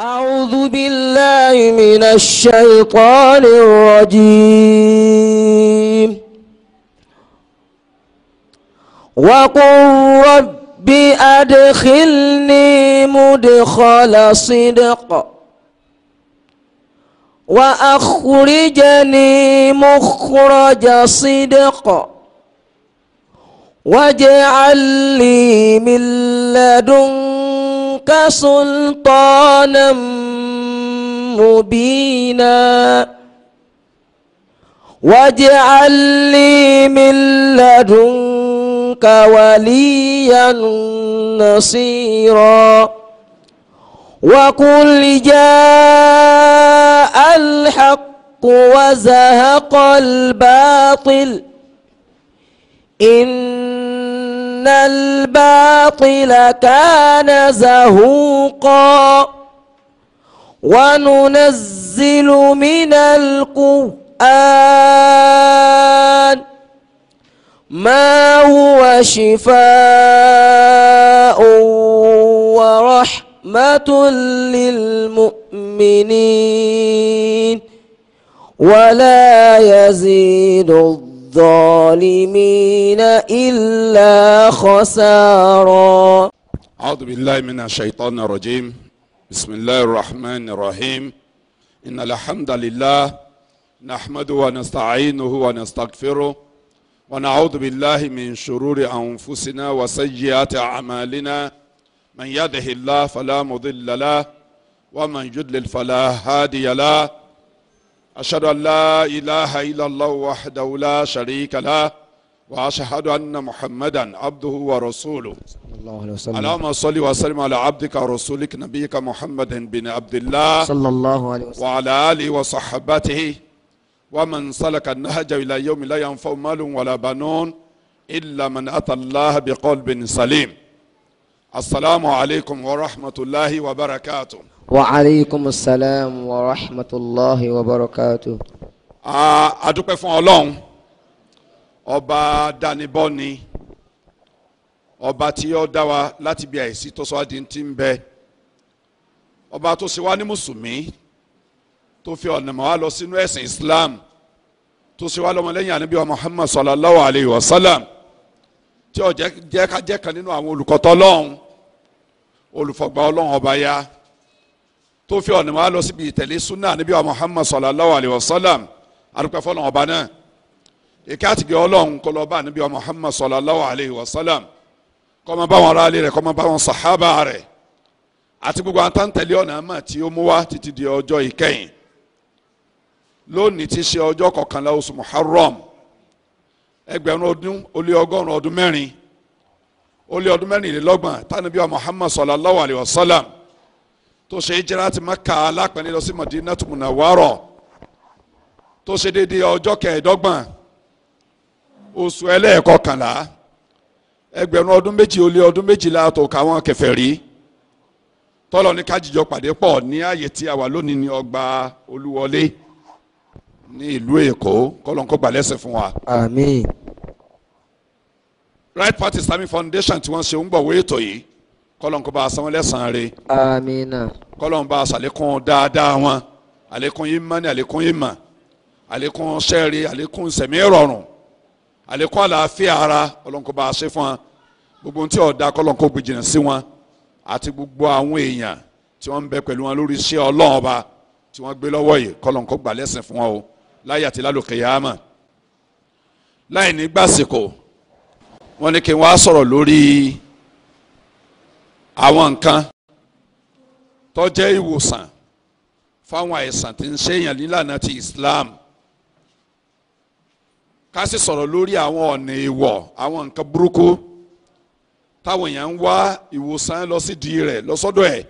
أعوذ بالله من الشيطان الرجيم وقل رب أدخلني مدخل صدق وأخرجني مخرج صدق واجعل لي من لدنك لك سلطانا مبينا واجعل لي من لدنك وليا نصيرا وقل جاء الحق وزهق الباطل الباطل كان زهوقا وننزل من القرآن ما هو شفاء ورحمة للمؤمنين ولا يزيد الظلم للظالمين إلا خسارا أعوذ بالله من الشيطان الرجيم بسم الله الرحمن الرحيم إن الحمد لله نحمده ونستعينه ونستغفره ونعوذ بالله من شرور أنفسنا وسيئات أعمالنا من يده الله فلا مضل له ومن يضلل فلا هادي له أشهد أن لا إله إلا الله وحده لا شريك له وأشهد أن محمدا عبده ورسوله اللهم صل وسلم على عبدك ورسولك نبيك محمد بن عبد الله صلى الله عليه وسلم وعلى آله وصحبته ومن سلك النهج إلى يوم لا ينفع مال ولا بنون إلا من أتى الله بقلب سليم السلام عليكم ورحمة الله وبركاته wàhálẹ́kùm salam wa rahmatulahi wa barakatu. a dúpẹ́ fún ọlọ́run ọba danibọ́ni ọba tí ó dá wa láti bí àìsí tó sọ adi ti ń bẹ ọba tó ṣe wá ní mùsùlùmí tó fi ọ̀nà mọ́ wa lọ sínú ẹ̀sìn islam tó ṣe wá lọ́mọlẹ́yìn ànábì wa muhammad sallallahu alayhi wa sallam tí ó jẹ́ ká jẹ́ kan nínú àwọn olùkọ́tọ́ ọlọ́run olùfọ̀gbà ọlọ́run ọba ya tó fi ọ̀nà wa lọ síbi ìtẹ̀lé sunna níbi wa muhammad sallallahu alayhi wa sallam arúgbó fọlọ́n ọba náà ìkẹ́ àtìgẹ́ ọlọ́run kọlọ́ bá níbi wa muhammad sallallahu alayhi wa sallam kọ́mọ bá wọn aráàlú rẹ̀ kọ́mọ bá wọn sàhábà rẹ̀ àti gbogbo àwọn táǹtẹ̀lé ọ̀nà àmà tí ó mú wá títí di ọjọ́ ìkẹyìn lónìí ti ṣe ọjọ́ kọkànlá oṣù muharram ẹgbẹ̀rún ọdún ó lé ọgọ́rùn ọdún mẹ́rin ó lé ọdún mẹ́rìnlélọ́gbọ̀n tánibíà muhammad sallallahu alayhi wa sallam tó ṣe hijira ti Mákà alápẹ̀lẹ́ lọ sí Madinatu Munawwara tó ṣe déédéé ọjọ́ kẹẹ̀ẹ́dọ́gbọ̀n oṣù ẹlẹ́ẹ̀kọkànlá ẹgbẹ̀rún ọdún méjì ó lé ọdún méjìlá tó káwọn kèfèrí tọ́lọ̀ ní kájíjọ pàdé pọ̀ ní ààyè tí a wà lónìí ní ọgbà olúwọlé ní ìlú èkó kọ́lọ̀ kó gbà lẹ́sẹ̀ fún wa. àmín. Right Party Islamic Foundation tí wọ́n ṣe ń gbọ̀wé ètò yìí kọ́lọ́n kó bá a sanwó lẹ́sàn-án rẹ̀. amiina. kọ́lọ́n bá a sàlékún dáadáa wọn àlékún ìmánì àlékún ìmà àlékún sẹ́ẹ̀rì àlékún sẹ̀mí rọrùn àlékún àlàáfíà ara kọ́lọ́n kó bá a ṣe fún wọn gbogbo ohun tí ọ̀dà kọ́lọ́n kó gbé jìnnà sí wọn àti gbogbo àwọn èèyàn tí wọ́n ń bẹ pẹ̀lú wọn lórí iṣẹ́ ọlọ́run ọba tí wọ́n gbé lọ́wọ́ yìí kọ́lọ́n gbà lẹ́sìn fún wọn o láyé àti lálùkè yàámà láì ní gbàsìkò wọ́n ní kí n wá sọ̀rọ̀ lórí àwọn nǹkan tó jẹ́ ìwòsàn fáwọn àìsàn tí ń ṣèyàn nílànà ti Islam ká sì sọ̀rọ̀ lórí àwọn ọ̀nà ìwọ̀ àwọn nǹkan burúkú táwọn èèyàn ń wá ìwòsàn lọ sídìí rẹ̀ lọ́sọ́dọ̀ ẹ̀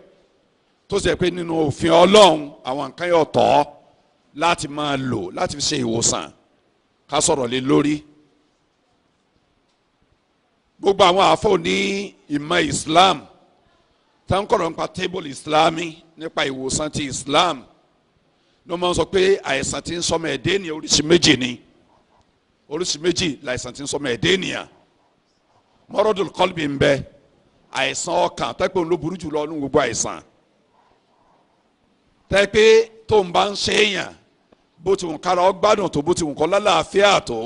tó ṣe pé nínú òfin Ọlọ́run àwọn nǹkan yóò tọ́ láti máa lò láti fi ṣe ìwòsàn ká sọ̀rọ̀ lé lórí gbogbo àwọn àfọ̀ ní ìmọ̀ Islam tá ń kọ̀rọ̀ nípa table islami nípa ìwòsàn ti islam ló máa ń sọ pé àìsàn tí ń sọmọ ẹ̀dẹ́ ènìyàn oríṣi méjì ni oríṣi méjì làìsàn tí ń sọmọ ẹ̀dẹ́ ènìyàn mọ́rọ́dùn kọ́lbì ń bẹ àìsàn ọkàn tẹ́pẹ́ òun ló burú jùlọ ní gbogbo àìsàn tẹ́pẹ́ tó ń bá ń ṣe èèyàn bó ti wùn kára ọgbádùn tó bó ti wùn kọ́ lálàáfíà tó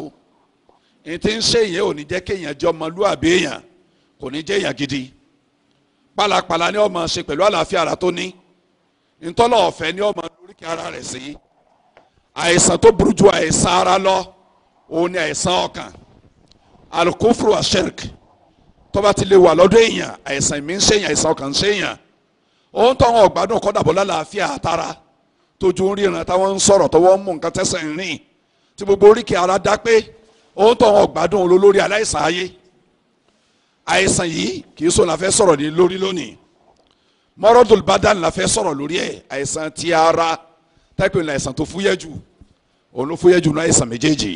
ní ti ń ṣe èèyàn ò ní jẹ́ kéèyàn jẹ́ ọmọlúwàbí èèyàn kò ní jẹ́ èèyàn gidi pálapàla ni ọmọ ṣe pẹ̀lú àlàáfíà ara tó ní ntọ́lọ̀ ọ̀fẹ́ ni ọmọ lóríkì ara rẹ̀ sí àìsàn tó burú ju àìsàn ara lọ òun ni àìsàn ọkàn alukófru asherk tọ́ba ti lè wà lọ́dọ̀ èèyàn àìsàn ìmí ń ṣèyàn àìsàn ọkàn ń ṣèyàn òun tó àwọn ọ̀gbádùn kọ́ dàbọ̀ lálàáfíà àtàrà tójú ń ríran táwọn ń sọ̀rọ̀ tọwọ́ ń mú nǹkan tẹ́sẹ̀ ń rìn tí gbogbo oríkèé ara dá pé òun tó àwọn ọ̀gbádùn olólórí aláìsàn ayé àìsàn yìí kì í sọ la fẹ́ sọ̀rọ̀ ní lórí lónìí mọ́rọ́dùl la fẹ́ sọ̀rọ̀ lórí ẹ̀ àìsàn ti ara tẹ́kùn ní àìsàn tó fúyẹ́ jù òun ló fúyẹ́ jù nínú àìsàn méjèèjì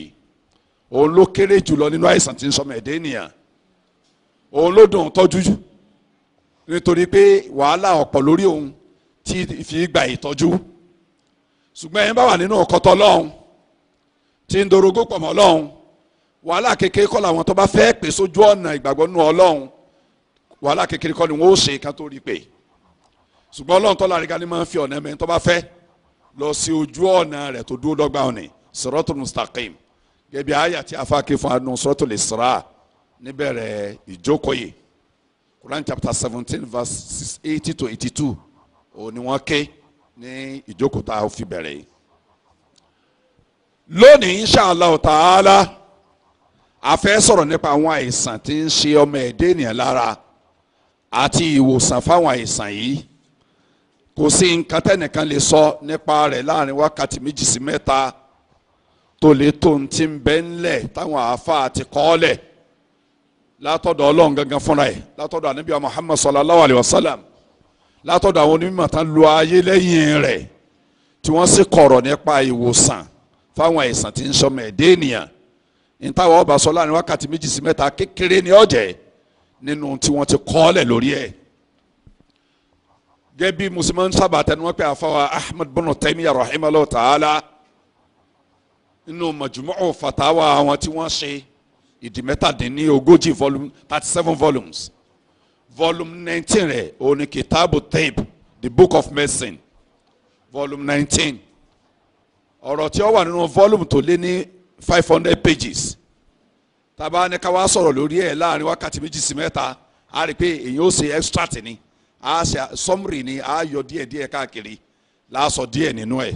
òun ló kéré jùlọ nínú àìsàn tí ń sọmọ ẹ̀dẹ́ ènìyàn òun ló dùn tọ́jú nítorí pé wàhálà ọ̀pọ̀ lórí òun tí fi gba ìtọ́jú ṣùgbọ́n ẹ̀yin bá wà nínú ọ̀kọ́tọ̀ lọ́hùn tí ń dorogó pọ̀ mọ́ wàhálà kékeré kọ́ làwọn tó bá fẹ́ pè sójú ọ̀nà ìgbàgbọ́ nù ọlọ́run wàhálà kékeré kọ́ ni wọ́n ó ṣe kan tó rí pé ṣùgbọ́n ọlọ́run tó lárí gani máa ń fi ọ̀nà ẹ̀mẹ́ tó bá fẹ́ lọ sí ojú ọ̀nà rẹ̀ tó dúró dọ́gba ọ̀nì siratul mustaqim gẹ́gẹ́ bí àyà tí afáàkì fún anu suratul Isra níbẹ̀rẹ̀ ìjókòó Quran chapter seventeen verse eighty to eighty two òun ni wọ́n ké ní ìjókòó tá a fi bẹ̀rẹ̀ yìí lónìí insha Allah ta'ala a fẹ́ sọ̀rọ̀ nípa àwọn àìsàn tí ń ṣe ọmọ ẹ̀dẹ́ ènìyàn lára àti ìwòsàn fáwọn àìsàn yìí kò sí nǹkan tẹ́nìkan lè sọ nípa rẹ̀ láàrin wákàtí méjì sí mẹ́ta tó lè tó ń ti bẹ́ ńlẹ̀ táwọn àáfàá ti kọ́ ọ́ látọ̀dọ̀ ọlọ́run gangan fúnra ẹ̀ látọ̀dọ̀ ànábì muhammad sallallahu alayhi wa sallam látọ̀dọ̀ àwọn onímọ̀ tán lo ayé lẹ́yìn rẹ̀ tí wọ́n sì kọ̀rọ̀ nípa ìwòsàn fáwọn àìsàn tí ń ṣọmọ ẹ̀dẹ́ ènìyàn ntàwọn ọba sọ láàrin wákàtí méjì sí mẹ́ta kékeré ni ọ̀jẹ̀ nínú tí wọ́n ti kọ́lẹ̀ lórí ẹ̀ gẹ́bí musulman sábà tẹnu wọn pé àfọwọ́ ahmed bin Taymiyyah rahimahullah ta'ala nínú majmu'u fatawa àwọn tí wọ́n ṣe ìdí mẹ́tàdínní ogójì volume thirty seven volumes volume nineteen rẹ̀ òun ni kitabu the book of medicine volume nineteen ọ̀rọ̀ tí ó wà nínú volume tó lé ní five hundred pages Taba ní ká wá sọ̀rọ̀ lórí ẹ̀ láàrin wákàtí méjì sí mẹ́ta a rí i pé èyí ó ṣe extract ni a ṣe summary ni a yọ díẹ̀ díẹ̀ káàkiri láàsọ díẹ̀ nínú ẹ̀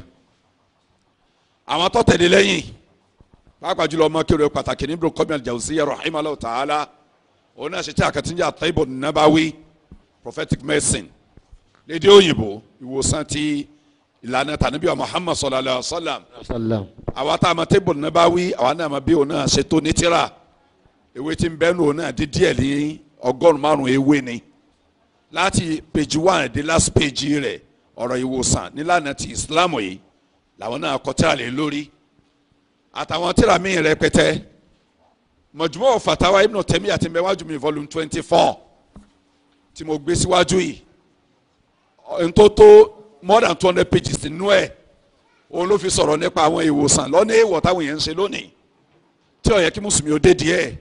àwọn tó tẹ̀lé lẹ́yìn pàápàá jùlọ ọmọ kéré pàtàkì ní Ibn Qayyim al-Jawziyya rahimahullah ta'ala òun náà ṣe tí àkàtúnjà At-Tabi'un Nabawi prophetic medicine lédè òyìnbó ìwòsàn ti ìlànà tànàbí wa muhammad sallallahu alayhi wa sallam àwa tá a ma tébùl náà bá wí àwa náà ma bí òun náà ṣètò ní tíra ewé tí ń bẹ́ nù òun náà di díẹ̀ ní ọgọ́rùn márùn ewé ni láti page one di last page rẹ̀ ọ̀rọ̀ ìwòsàn nílànà ti islam yìí làwọn náà kọ tíra lé lórí àtàwọn tíra míì rẹpẹtẹ mọ̀júmọ́ fatawa ibn tẹ́mí àti mẹ́wájú mi volume twenty four tí mo gbé síwájú yìí ntòtò more than two hundred pages nínú ẹ̀ òun ló fi sọ̀rọ̀ nípa àwọn ìwòsàn lọ́nà èèwọ̀ táwọn èèyàn ń ṣe lónìí tí ó yẹ kí mùsùlùmí ó dé díẹ̀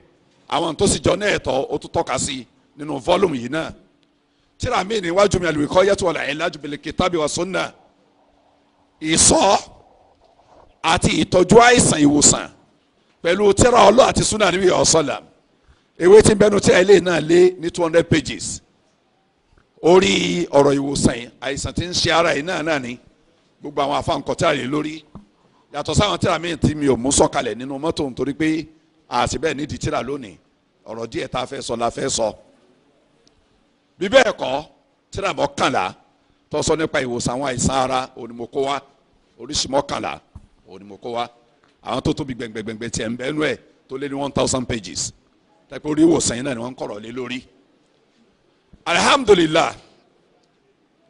àwọn tó sì jọ ní ẹ̀tọ́ ó tún tọ́ka sí nínú volume yìí náà tíra mi níwájú mi àlùkò yẹtù ọ̀la ẹ̀ lájú bẹ̀lẹ̀ kitabi wa sunna ìsọ àti ìtọ́jú àìsàn ìwòsàn pẹ̀lú tíra ọlọ́ àti sunna níbi ọ̀sọ́là ewé tí ń bẹnu tí ẹ lé náà lé ní two hundred pages orí ọ̀rọ̀ ìwòsàn yìí àìsàn tí ń ṣe ara yìí náà náà ni gbogbo àwọn afáǹkọ̀tà rẹ̀ lórí yàtọ̀ sáwọn tíra míì tí mi ò mú sọ̀kalẹ̀ nínú mọ́tò nítorí pé àti bẹ́ẹ̀ nídìí tíra lónìí ọ̀rọ̀ díẹ̀ tá a fẹ́ sọ la fẹ́ sọ. bí bẹ́ẹ̀ kọ́ tíra mọ́kànlá tó sọ nípa ìwòsàn àwọn àìsàn ara onímọ̀kó wa oríṣi mọ́kànlá onímọ̀kó wa àwọn tó tóbi gbẹ̀ngbẹ̀ngbẹ̀ tiẹ̀ ń bẹ́ẹ̀ ẹ̀ tó lé ní one thousand pages tẹ́pẹ́ orí ìwòsàn yìí náà ni wọ́n ń kọ̀rọ̀ lé lórí alhamdulilah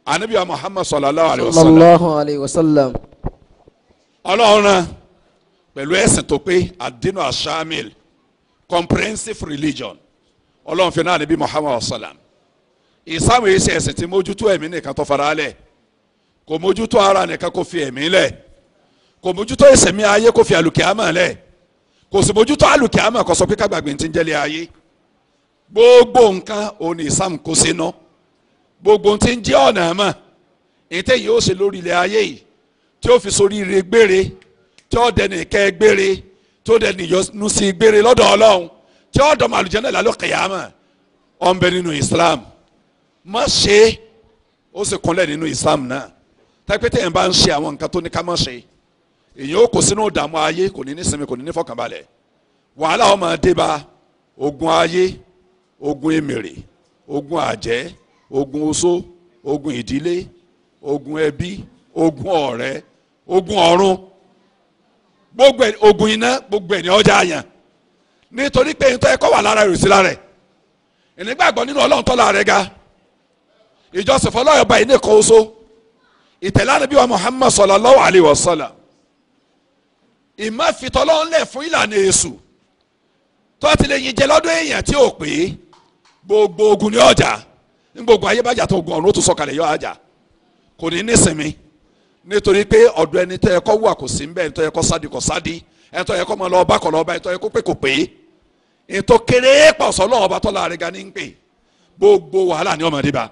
anabi wa muhammad sallallahu alayhi wa sallam. sallallahu alayhi wa sallam. ọlọ́run náà pẹ̀lú ẹ̀sìn tó pé adinu ashamil comprehensive religion ọlọ́run fi náà níbi muhammad sallam ìsáwọn èyí ṣe ẹ̀sìn tí mójútó ẹ̀mí nìkan tó fara lẹ̀ kò mójútó ara nìkan kò fi ẹ̀mí lẹ̀ kò mójútó ìsẹ̀mí ayé kò fi àlùkìyámà lẹ̀ kò sì mójútó àlùkìyámà kò sọ pé kágbàgbé ti ń jẹ́lé ayé gbogbo nǹkan òun ni Islam kó sínú gbogbo tí ń jẹ́ ọ̀nà mọ̀ ètè yìí ó ṣe lórí ilẹ̀ ayé yìí tí ó fi sórí ire gbére tí ó dẹni ìkẹ́ gbére tí ó dẹni ìyọnu sí gbére lọ́dọ̀ Ọlọ́run tí ó dọ̀mọ̀ àlùjẹ́ náà lálọ́ kẹ̀yàmọ̀ ọ̀n bẹ nínú Islam má ṣe ó sì kúnlẹ̀ nínú Islam náà tẹ́pẹ́tẹ́ yẹn bá ń ṣe àwọn nǹkan tó ní ká má ṣe èyí ó kó sínú ìdààmú ayé kò ní ní sinmi kò ní ní fọkànbalẹ̀ wàhálà ó máa ogun ayé ogun emere ogun ajẹ ogun oso ogun idile ogun ebi ogun ọrẹ ogun ọ̀run gbogbo ogun iná gbogbo ẹ̀ ní ọjà àyàn nítorí pé nítorí ẹ̀kọ́ wà lára ìrùsí lára ẹ̀ ìnígbàgbọ́ nínú ọlọ́run tọ́lá rẹ̀ ga ìjọsìn fọlọ́yọ̀ bá ilé kan oṣó ìtẹ̀lára bí wa Muhammad sallallahu alaihi wasallam ìmọ̀fitọ́lọ́ńlẹ̀ fún ìlànà èṣù tó ti lè yin lọ́dún èèyàn tí ò gbogbo ogun ni ọjà ní gbogbo ayé bá jà tó ogun ọ̀run ó tún sọ̀kalẹ̀ yọ àjà kò ní nísinmi nítorí pé ọ̀dọ̀ ẹni tó yẹ kó wà kò sí ń bẹ́ẹ̀ ẹni tó yẹ kó sádi kò sádi ẹni tó yẹ kó máa lọ ọba kọ̀ lọ ọba ẹni tó yẹ kó pé kò pé ẹni tó kéré pọ̀sọ́ lọ́wọ́ ọba tó láàrin ga ní pè gbogbo wàhálà ni ọmọdé bá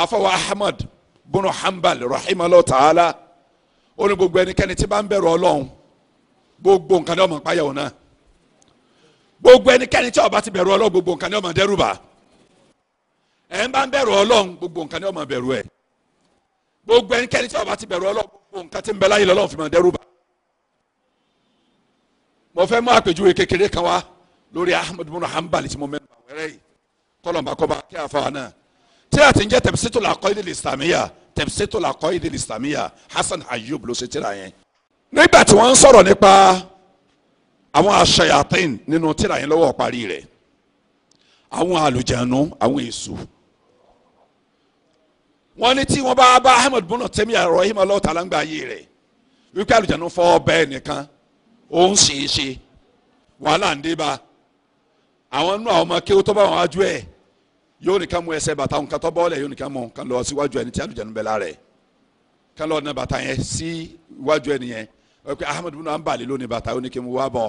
àfọwọ́ Ahmad bunu Hanbal rahimahullah ta'ala ó ní gbogbo ẹnikẹ́ni tí bá ń bẹ̀rù Ọlọ́run gbogbo nǹkan ní ọmọ ìpáyàwó náà gbogbo ẹnikẹ́ni tí ó bá ti bẹ̀rù ọlọ́run gbogbo nǹkan ni ó máa dẹ́rù bà ẹ̀ ń bá ń bẹ̀rù ọlọ́run gbogbo nǹkan ni ó máa bẹ̀rù ẹ̀ gbogbo ẹnikẹ́ni tí ó bá ti bẹ̀rù ọlọ́run gbogbo nǹkan tí ń bẹ láyé lọ́lọ́run fi máa dẹ́rù mo fẹ́ mú àpèjúwe kékeré kan wá lórí Ahmad bin Hanbal tí mo mẹ́nu àwẹ̀rẹ́ yìí kọ́lọ̀mbà kọ́ba kí àfa náà tí a ti ń jẹ́ Tabsitul àwọn aṣayatin nínú tíra yẹn lọ́wọ́ parí rẹ̀ àwọn àlùjànnú àwọn èṣù wọ́n ní tí wọ́n bá bá ahmed bùnà tẹ́mi àròhìn ọlọ́ọ̀tà láǹgbà ayé rẹ̀ wípé àlùjànnú fọ́ bẹ́ẹ̀ nìkan òun ṣe é ṣe wàhálà ń dé bá àwọn nú àwọn ọmọ kéwú tó bá wọn wájú ẹ̀ yóò nìkan mú ẹsẹ̀ bàtà nǹkan tó bọ́ọ̀lẹ̀ yóò nìkan mú nǹkan lọ síwájú ẹni tí àlùjànnú bẹ̀ lára ẹ̀ kán lọ́ọ̀ ní bàtà yẹn sí iwájú ẹni yẹn wọ́n pe ahmed bùnà ń bàlẹ́ lónìí bàtà ó ní kí n wá bọ̀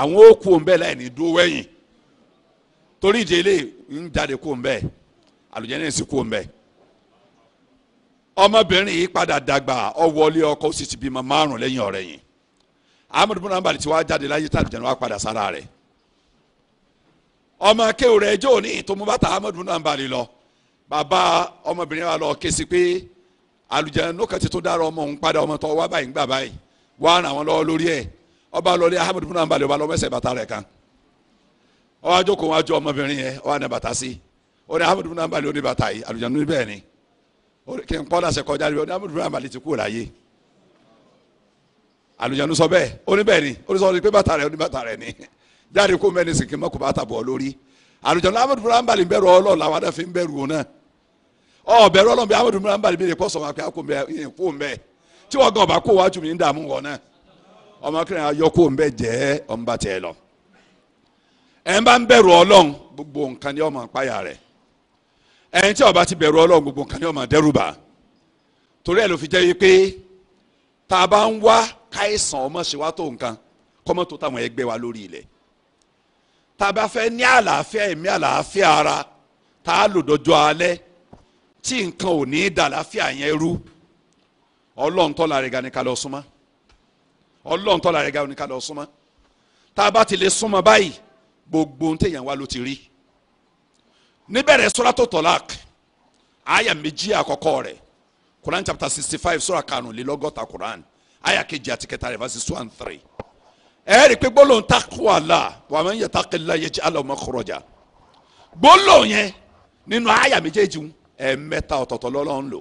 àwọn ó kú òun láì ní dúró wẹ́yìn torí ìdí ilé ń jáde kú òun bẹ́ẹ̀ sì kú òun ọmọbìnrin yìí padà dàgbà ó wọlé ọkọ sì ti bímọ márùn lẹ́yìn ọ̀rẹ́ yìí ahmed bin abdul ti wá jáde láyé wá padà sára ọmọ akéwò lọ bàbá ọmọbìnrin wa lọ ké sí pé tó dára ọmọ òun padà ọmọ tó wá báyìí ń gbà báyìí ọba lọlé ahmed fúnra balẹ̀ ọba lọ́mọ ẹsẹ̀ bàtà rẹ̀ kan ọba jókòó wájú ọmọbìnrin yẹn ọba ní bàtà sí ọ ní ahmed fúnra balẹ̀ ọ bàtà yìí àlùjánu ní ni kí n kọ́lá ṣe kọjá ní ahmed fúnra balẹ̀ ti kú láyé àlùjánu sọ bẹ́ẹ̀ ọ ní bẹ́ẹ̀ ni ó ní sọ pé bàtà rẹ̀ ọ ní bàtà rẹ̀ ni jáde kó mẹ́ni sìnkì mọ́kù bàtà bọ̀ lórí àlùjánu ahmed fúnra balẹ̀ bẹ̀rù ọlọ́ọ̀lá wàdà fi ń bẹ̀rù náà ọ bẹ̀rù ọlọ́ọ̀ bí ahmed fúnra balẹ̀ bí ọmọkùnrin ayọ́kọ́ ń bẹ jẹ́ ọmọba tiẹ̀ lọ ẹ̀ ń bá ń bẹ̀rù ọlọ́run gbogbo nǹkan ni ọmọ àpáyà rẹ̀ ẹ̀ ń tí ọba ti bẹ̀rù ọlọ́run gbogbo nǹkan ni ọmọ àdẹ́rùbà torí ẹ̀ ló fi jẹ́ pé tá a bá ń wá káìsàn ọmọ tó nǹkan kọ́mọ́ tó táwọn ẹgbẹ́ wa lórí ilẹ̀ tá a bá fẹ́ ní àlàáfíà ẹ̀mí àlàáfíà ara tá a lò dọjọ́ alẹ́ tí nǹkan ò ní í dà láfíà yẹn rú ọlọ́run tọ́la rẹ̀ ga ká lọ súnmọ́ ọlọ́run tọ́lá rẹ̀ ga òní ká lọ súnmọ́ tá a bá ti lè súnmọ́ báyìí gbogbo ohun téèyàn wá ló ti rí níbẹ̀rẹ̀ sọ́ràtò tọ́lák àyà méjì àkọ́kọ́ rẹ̀ Quran chapter sixty five sọ́ra karùnlélọ́gọ́ta Quran àyà kejì àti kẹta rẹ̀ verses two and three ẹ rí i pé gbólóhùn takwa Allah wa man yattaqillah yaj'al lahu makhraja gbólóhùn yẹn nínú àyà méjèèjì ẹ̀ẹ̀mẹ́ta ọ̀tọ̀ọ̀tọ̀ lọ́lọ́run lò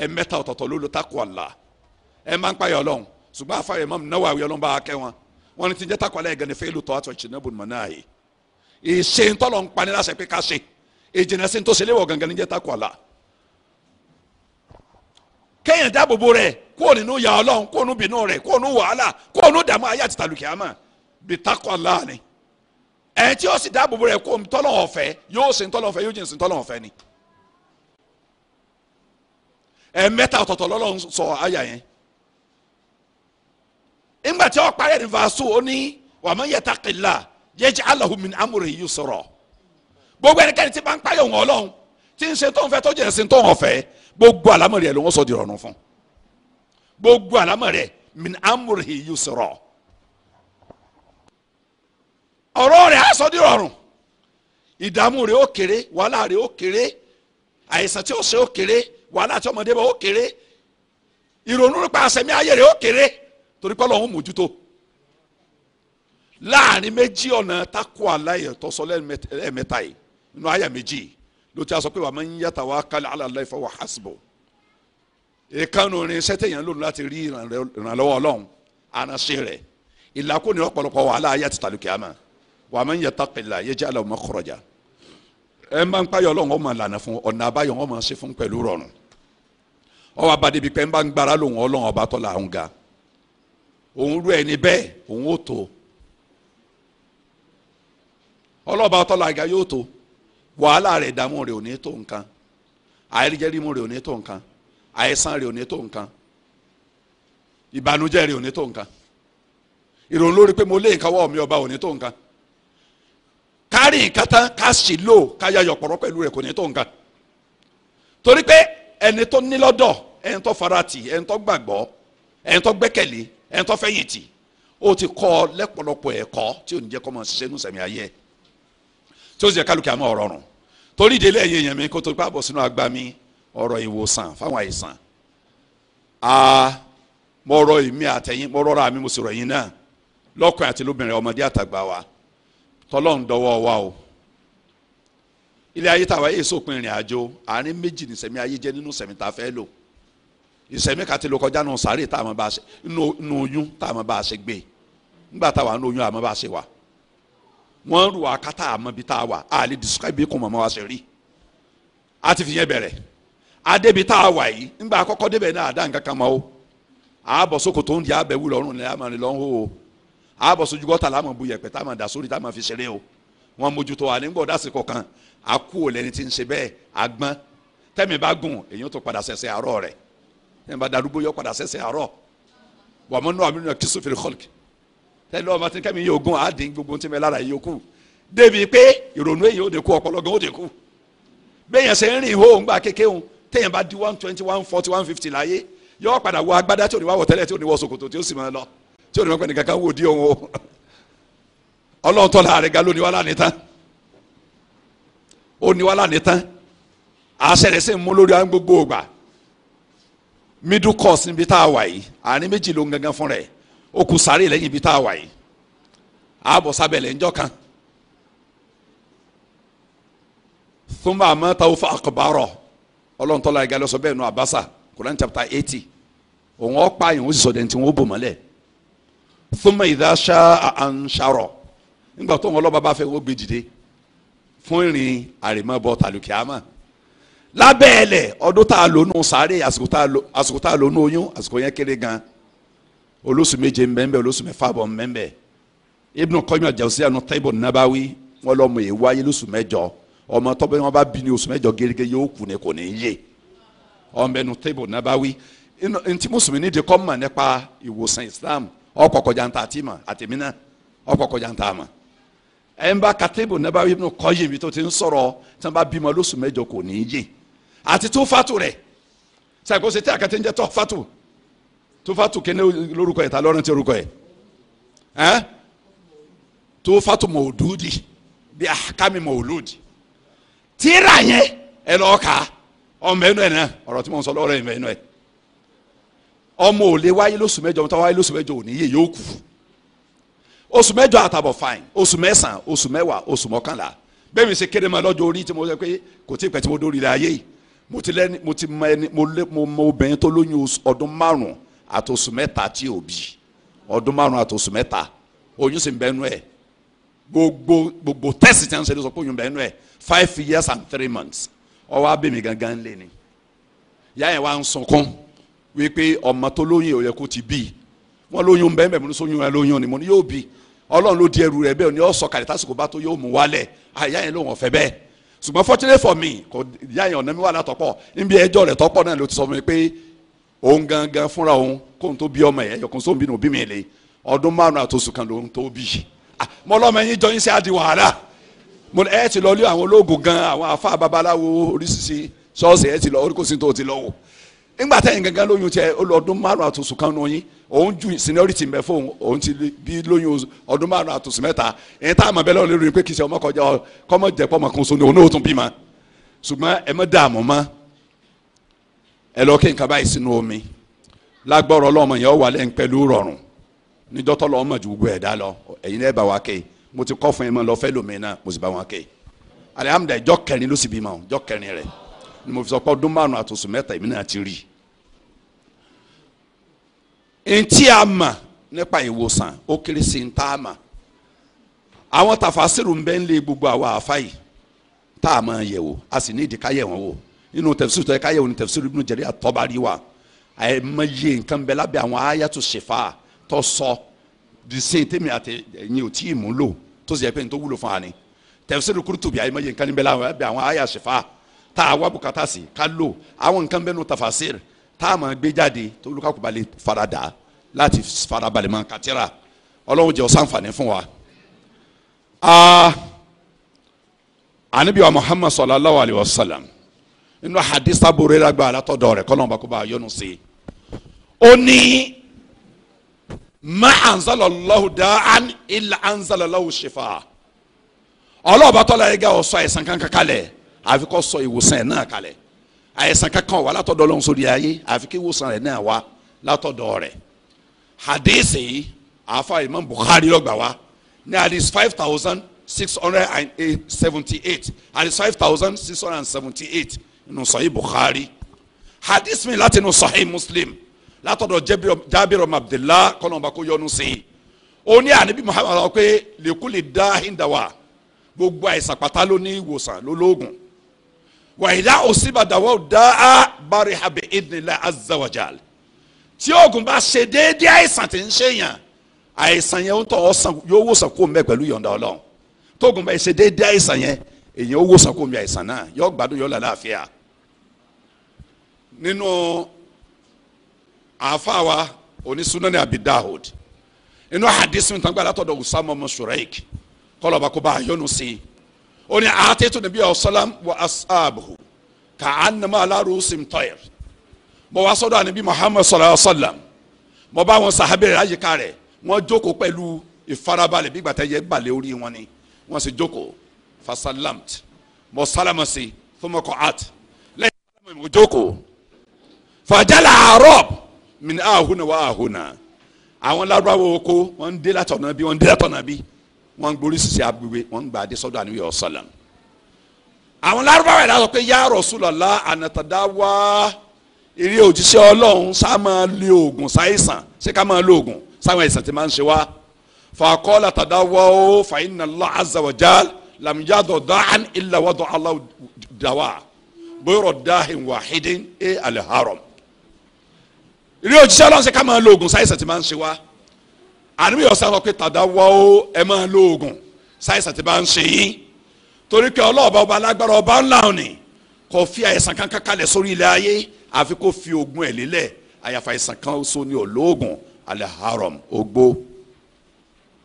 ẹ̀ẹ̀mẹ́ta ọ̀tọ̀ọ̀tọ̀ ló lo takwa Allah ẹ̀ máa ṣùgbọ́n àfa Imam Nawawi ọlọ́mọba akẹ́ wọn wọn ni ti jẹ́ takọ̀ aláìgàn ní fẹ́ẹ́lù tọ́ àtọ̀ ìṣìnà bùnmọ̀ náà yìí ìṣe ńtọ́lọ̀ ń pani láṣẹ pé ká ṣe ìjìnà sí ń tó ṣe léwọ̀ gangan ní jẹ́ takọ̀ àlà. kéèyàn dáàbòbò rẹ̀ kó nínú ya ọlọ́run kó nínú bínú rẹ̀ kó nínú wàhálà kó nínú dààmú ayé àti tàlùkì àmà bí takọ̀ àlà ni ẹ̀ tí ó sì dáàbòbò rẹ̀ kó ńtọ́lọ̀ ọ̀fẹ́ yóò ṣe sọ àyà yẹn nígbà tí ó parí ní vaso ó ní wa man yattaqillah yaj'al lahu min amrihi yusra gbogbo ẹnikẹ́ni tí bá ń páyọ̀ wọn ọlọ́run tí ń ṣe tó ń fẹ́ tó jẹ́ ẹ̀sìn tó ń fẹ́ gbogbo àlámọ̀ rẹ̀ ló ń sọ di rọrùn fún gbogbo àlámọ̀ rẹ̀ min amrihi yusra ọ̀rọ̀ rẹ̀ á sọ di rọrùn ìdààmú rẹ̀ ó kéré wàhálà rẹ̀ ó kéré àìsàn tí ó ṣe ó kéré wàhálà tí ọmọdé bá ó kéré ìrònú nípa àṣẹmí ayé rẹ̀ ó kéré torí pé Ọlọ́run mójútó láàrin méjì ọ̀nà tako aláyẹ tọ́sọ lẹ́ẹ̀mẹ́ta yìí nínú àyà méjì ló ti sọ pé wa man yatawakkal ala Allahi fahuwa hasbuh ìkànnì orin sẹ́tẹ̀yàn lòun láti rí ìrànlọ́wọ́ Ọlọ́run aránṣẹ́ rẹ̀ ìlàkùnrin ọ̀pọ̀lọpọ̀ wàhálà ayé àti tàlùkìyàmà wa man yattaqillah yaj'al lahu makhraja ẹ máa ń payọ Ọlọ́run ó máa lànà fún ọ̀nà àbáyọ ó máa ṣe fún pẹ̀lú rọrùn ọwọ́ abadébípẹ́ ń bá ń gbára Ọlọ́run ọba tọ́lá àwọn ga òun rú ẹni bẹ́ẹ̀ òun ó tó ọlọ́ba ọtọ́lá àga yóò tó wàhálà rẹ̀ ìdààmú rẹ̀ ò ní tó nǹkan àìríjẹ́rímú rẹ̀ ò ní tó nǹkan àìsàn rẹ̀ ò ní tó nǹkan ìbànújẹ́ rẹ̀ ò ní tó nǹkan ìrònú lórí pé mo lé nǹkan wọ́ mi ọba ò ní tó nǹkan kárì nǹkan tán ká sì lò ká yá yọ̀pọ̀rọ̀ pẹ̀lú rẹ̀ kò ní tó nǹkan torí pé ẹni tó ní lọ́dọ̀ ẹni tó farati ẹni tó gbàgbọ́ ẹni tó gbẹ́kẹ̀lé ẹni tó fẹ̀yìn tì ó ti kọ́ ọ lẹ́pọ̀lọpọ̀ ẹ̀kọ́ tí ò ní jẹ́ kọ́ mọ̀ ṣiṣẹ́ nù sẹ̀mí ayé tí ó sì jẹ́ kálukì àmọ́ ọ̀rọ̀ rùn torí ìdílé ẹ̀yìn èèyàn mi kó tó gbàbọ̀ sínú agbá mi ọ̀rọ̀ ìwòsàn fáwọn àìsàn mo rọ èmi àtẹ̀yìn mo rọra mi mo sì rọ̀ yín náà lọ́kùnrin àti lóbìnrin ọmọdé àtàgbà wa tọ́lọ́run dọwọ́ wa o ilé ayé tàwa yìí sópin ìrìn ìsẹ̀mí kan ti lò kọjá nù sàárè tá a mọ̀ bá a ṣe nù oyún tá a mọ̀ bá a ṣe gbé nígbà táwa nù oyún a mọ̀ bá a ṣe wà wọ́n rù wá kátà àmọ́ bí tá a wà á lè describe bí kò mọ̀ mọ́ wa ṣe rí a ti fi yẹn bẹ̀rẹ̀ adébi tá a wà yìí nígbà àkọ́kọ́ débẹ̀ náà àdá nǹkan kan mọ́ o àbọ̀ sóko tó ń di abẹ́ wúlọ̀ ọ̀run ní amọ̀ nílọ́ o a mọ̀ dà sórí tá a ẹ̀ bá darúgbó yọ padà sẹ́sẹ̀ àárọ̀ wà mọ́ náà àmínú kí sófin kọ́lùkì tẹ́lẹ̀ ọmọ tí kẹ́mi yóò gún àádín gbogbo tí mi lára yìí yókù débi pé ìrònú èyí ó dẹ̀kú ọpọlọ gan ó dẹ̀kú bẹ́ẹ̀yàn ṣe ń rìn ihò ńgbà kéke òun téèyàn bá di one twenty one forty one fifty láyé yọ padà wọ agbádá tí ò ní wá wọ tẹ́lẹ̀ tí ò ní wọ ṣòkòtò tí ó sì máa lọ tí ò ní wọ́n pẹ́ nìkan kan wò di òun o ọlọ́run tọ́lá rẹ̀ ga lónìí wà lánìí ó ní wà lánìí àṣẹ rẹ̀ sì ń mú lórí àwọn gbogbo ògbà middle course níbi tá a wà yìí àárín méjì ló ń gangan fún rẹ̀ ó kù sáré lẹ́yìn ibi tá a wà yìí ààbọ̀ sábẹ̀lẹ̀ ńjọ́ kan thumma amatahu fa aqbarahu ọlọ́ntọ́lá ẹ̀gá lọ́sọ bẹ́ẹ̀ nù abasa Quran chapter eighty òun ọ̀pá yìí wọ́n sì sọ̀dẹ̀ tí wọ́n bò mọ́lẹ̀ thumma idha sha'a anshara nígbà tó wọn lọ́ba bá fẹ́ wọ́n gbé dìde fún ìrìn àrèmọ́bọ̀ tàlùkìámà lábẹ́ ẹlẹ̀ ọdún tá a lò nù sáré àsìkò tá a lò nù oyún àsìkò yẹn kéré gan olóṣù méje mbẹ́mbẹ́ olóṣù mẹ́fà bọ̀ mbẹ́mbẹ́ Ibn Qayyim al-Jawziyya àná taibu nabawi wọn lọ́mọ yìí wáyé lóṣù mẹ́jọ ọmọ tọ́bẹ́ wọn bá bí ní oṣù mẹ́jọ gẹ́gẹ́ yóò kù ní kò ní yé ọmọ ẹnu taibu ntí mùsùlùmí ní ìdíkọ́ mọ̀ nípa ìwòsàn Islam ọkọ̀ kọjá ń ta àti mà àtẹ̀mí náà ọkọ̀ kọjá ń ta àmà ẹ̀ ń bá kataibu àti tó fatu rẹ̀ sàkó ṣe tí àkàtẹ́ ń jẹ́ tó fàtò tó fàtò kéne lórúkọ yẹ ta lọ́rùn ti orúkọ yẹ ẹ́ tó fàtò mọ̀ọ́dúdì bí àkàmì mọ̀ọ́lúdì tíra yẹn ẹ lọ́ọ́ kà ọmọ ẹnu ẹ náà ọ̀rọ̀ tí mo sọ lọ́rọ̀ ẹ̀mọ ẹnu ẹ ọmọ ò lè wáyé lóṣù mẹ́jọ ọmọ tó wáyé lóṣù mẹ́jọ ò yé yóò kù oṣù mẹ́jọ àtàbọ̀ fain oṣù mẹ́sàn oṣù mẹ́wàá oṣù mọ́kànlá bẹ́ẹ̀ mi ṣe kéde ma lọ́jọ́ orí tí mo sọ pé kò tí ì pẹ́ tí mo dórí ilé ayé yìí mo ti lẹ́ni mo ti mọ ẹni mo mọ obìnrin tó lóyún ọdún márùn àti oṣù mẹ́ta tí o bí ọdún márùn àti oṣù mẹ́ta oyún sì ń bẹ́nu ẹ̀ gbogbo gbogbo tẹ́sì tí wọ́n ń ṣe sọ pé oyún bẹ́nu ẹ̀ five years and three months ọwọ́ abẹ́mi gangan lé ni ìyá yẹn wá ń sunkún wípé ọmọ tó lóyún ò yẹ kó ti bí wọn lóyún bẹ́ẹ̀ bẹ́ẹ̀ mo ní sóyún ẹ lóyún ni mo ní yóò bí ọlọ́run ló di ẹrù rẹ̀ bẹ́ẹ̀ ni ó sọ kàlẹ́ tásìkò bá tó yóò mú wálẹ̀ àyà yẹn lóhùn ọ̀fẹ́ bẹ́ẹ̀ ṣùgbọ́n fortunate for me kò yá yẹn ọ̀nà mi wà látọ̀pọ̀ níbi ẹjọ́ rẹ̀ tọ́pọ̀ náà ló ti sọ fún mi pé òun gangan fúnra òun kóun tó bí ọmọ yẹn ẹ̀yọ̀kan sóun bínú bí mi lè ọdún márùn àtòsù kan lòun tó bí ah, mọ lọ́mọ yín jọ sí adi wàhálà mo ẹ ti lọ lé àwọn ológun gan àwọn afá babaláwo oríṣiríṣi ṣọ́ọ̀ṣì ẹ ti lọ orí kò sí tó ti lọ wò nígbà tẹ́yìn gangan lóyún tiẹ̀ ó lọ ọdún márùn àtòsù kan lóyún òun ju seniority mẹ fóun òun ti bí lóyún ọdún márùn àtòsí mẹ́ta ẹni tá a mọ bẹ́ẹ̀ lọ́wọ́ lórí pé kì í ṣe ọmọ kọjá kọ́mọ jẹ pọ́mọ kan so ni òun náà tún bímọ ṣùgbọ́n ẹ mọ dààmú mọ́ ẹ lọ kí nǹkan báyìí sínú omi lágbọ́rọ̀ ọlọ́mọ yẹn ó wà lẹ́yìn pẹ̀lú rọrùn níjọ́ tọ́lọ́ ọmọ ju gbogbo ẹ̀dá lọ ẹ̀yin náà ẹ bá wa ké mo ti kọ́ fún ẹ mọ́ lọ fẹ́ lómi náà mo sì bá wọn ké alihamudulilayi jọ́ kẹrin ló sì bímọ jọ́ kẹrin rẹ̀ ni mo fi sọ pé ọdún márùn àtòsí mẹ́ta èmi ti rí ntí a mọ̀ nípa ìwòsàn ó kéré sí ntá a mọ̀ àwọn tàfàsírù ń bẹ ń lé gbogbo àwọn àfa yìí tá a máa yẹ̀ wò a sì ní ìdí ká yẹ̀ wọ́n wò inú tẹ̀fsírù tó ká yẹ̀ wò ní tẹ̀fsírù Ibn Jarir at-Tabari wa àyè mọ iye nǹkan bẹ lábẹ́ àwọn ayatu shifa tó sọ bí sèé tèmi àti ẹ̀yin ò tí ì mú lò tó sì yẹ pé n tó wúlò fún wa ni tẹ̀fsírù Qurtubi àyè mọ iye nǹkan bẹ lábẹ́ àwọn ayatu shifa tá a wá bùkátà sí ká lò àwọn nǹkan bẹ nù tàfàsírù tá a máa gbé jáde tó olúkàkú bá lè faradà láti farabalẹ̀ máa kàtírà ọlọ́run jẹ́ ọ̀sánfàní fún wa. anabiwa muhammad sallallahu alayhi wa sallam nínú hadith Abu Hurairah gba alatọ̀dọ̀ rẹ̀ kọ́nà ọba kó bá a yọnu sí i. ó ní ma anzalallahu da'an illa anzalallahu shifa ọlọ́ọ̀bá tọ́lá yẹn gẹ́ ọ̀sọ́ àìsàn kankan kalẹ̀ àfikọ́ sọ ìwòsàn ẹ̀ náà kalẹ̀ àìsàn kankan wà látọ̀dọ̀ ọlọ́run sórí ayé àfi kí ìwòsàn rẹ̀ náà wà látọ̀dọ̀ rẹ̀ hadith yìí àáfà imam bukhari ló gbà ní hadith five thousand six hundred and seventy eight hadith five thousand six hundred and seventy eight nínú sahih bukhari hadith mi láti inú sahih muslim látọ̀dọ̀ jabiru abdullah kọ́nọ̀ọ́ba kó yọnu sí i ó ní ànábì muhammad sọ pé lèkúlè dá hindawa gbogbo àìsàn pátá ló ní ìwòsàn lólógùn wàyídá òsínbà dàwọ́ dáa bari habi idinla azawajal tí oògùn bá ṣe déédéé àìsàn tí ń ṣe yàn àìsàn yẹn ń tọ́ ọ̀sán yóò wòsàn kó mẹ́ pẹ̀lú yọ̀ǹda ọlọ́run tóògùn bá ṣe déédéé àìsàn yẹn èyàn ó wòsàn kó mi àìsàn náà yọ gbádùn yọ lálàáfíà nínú àáfàá onísúnáni abidahud nínú hadith mi tán gbà látọ̀dọ̀ usama ọmọ kọlọ̀ bá kó bá yọnu sí i ó ní àtẹ́tù nàbí ọ̀sálàm wà asáàbùhù kà á nàmú aláàrú sim tọ́yẹ̀ mo wá sọ́dọ̀ ànábì muhammad sallallahu alayhi wa sallam mo bá wọn sàhábẹ́ rẹ̀ àyíká rẹ̀ wọ́n jókòó pẹ̀lú ìfarabalẹ̀ bí gbàtẹ́ yẹ balẹ̀ orí wọn ni wọ́n sì jókòó fasalamt mo sálámà sí fúnmọ́kọ̀ art lẹ́yìn sálámà mo jókòó fàjálà àrọ́b min àhùnà wà àhùnà àwọn lárúbáwò oko wọ́n dé látọ̀nà bí wọ́n dé látọ̀nà bí wọ́n ń gborí sisi agbègbè wọ́n ń gba adé sọ́dọ̀ àníbi ọ̀sálàm àwọn lárúbáwá yìí lásán pé yá rọ̀ṣúlọ̀lá ànàtàdáwá eré òjíṣẹ́ ọlọ́run sá máa lo oògùn sáìsàn ṣé ká máa lo oògùn sáwọn àìsàn tí máa ń ṣe wá fàkọ́lá tàdáwá ó fàyínà lọ́ àzàwọ̀já làmúyàdọ̀ dáhàn ìlàwọ́dọ̀ aláwọ̀dáwà dáhìn wàhídín ẹ̀ àlẹ́ haram eré òjíṣẹ́ ọlọ́run ṣé ká máa lo oògùn sáìsàn tí máa ń ṣe wá àníbi ọ̀sán sọ pé tàdá wá ó ẹ máa lo oògùn sáyẹ̀sán ti bá ń ṣe yín torí pé ọlọ́ọ̀bá ọba alágbára ọba ńlá òní kò fi àìsàn kan kankanlẹ̀ sórí ilẹ̀ ayé àfi kó fi oògùn ẹ̀ lélẹ̀ àyàfà àìsàn kan so ní olóògùn alẹ́ haram ogbó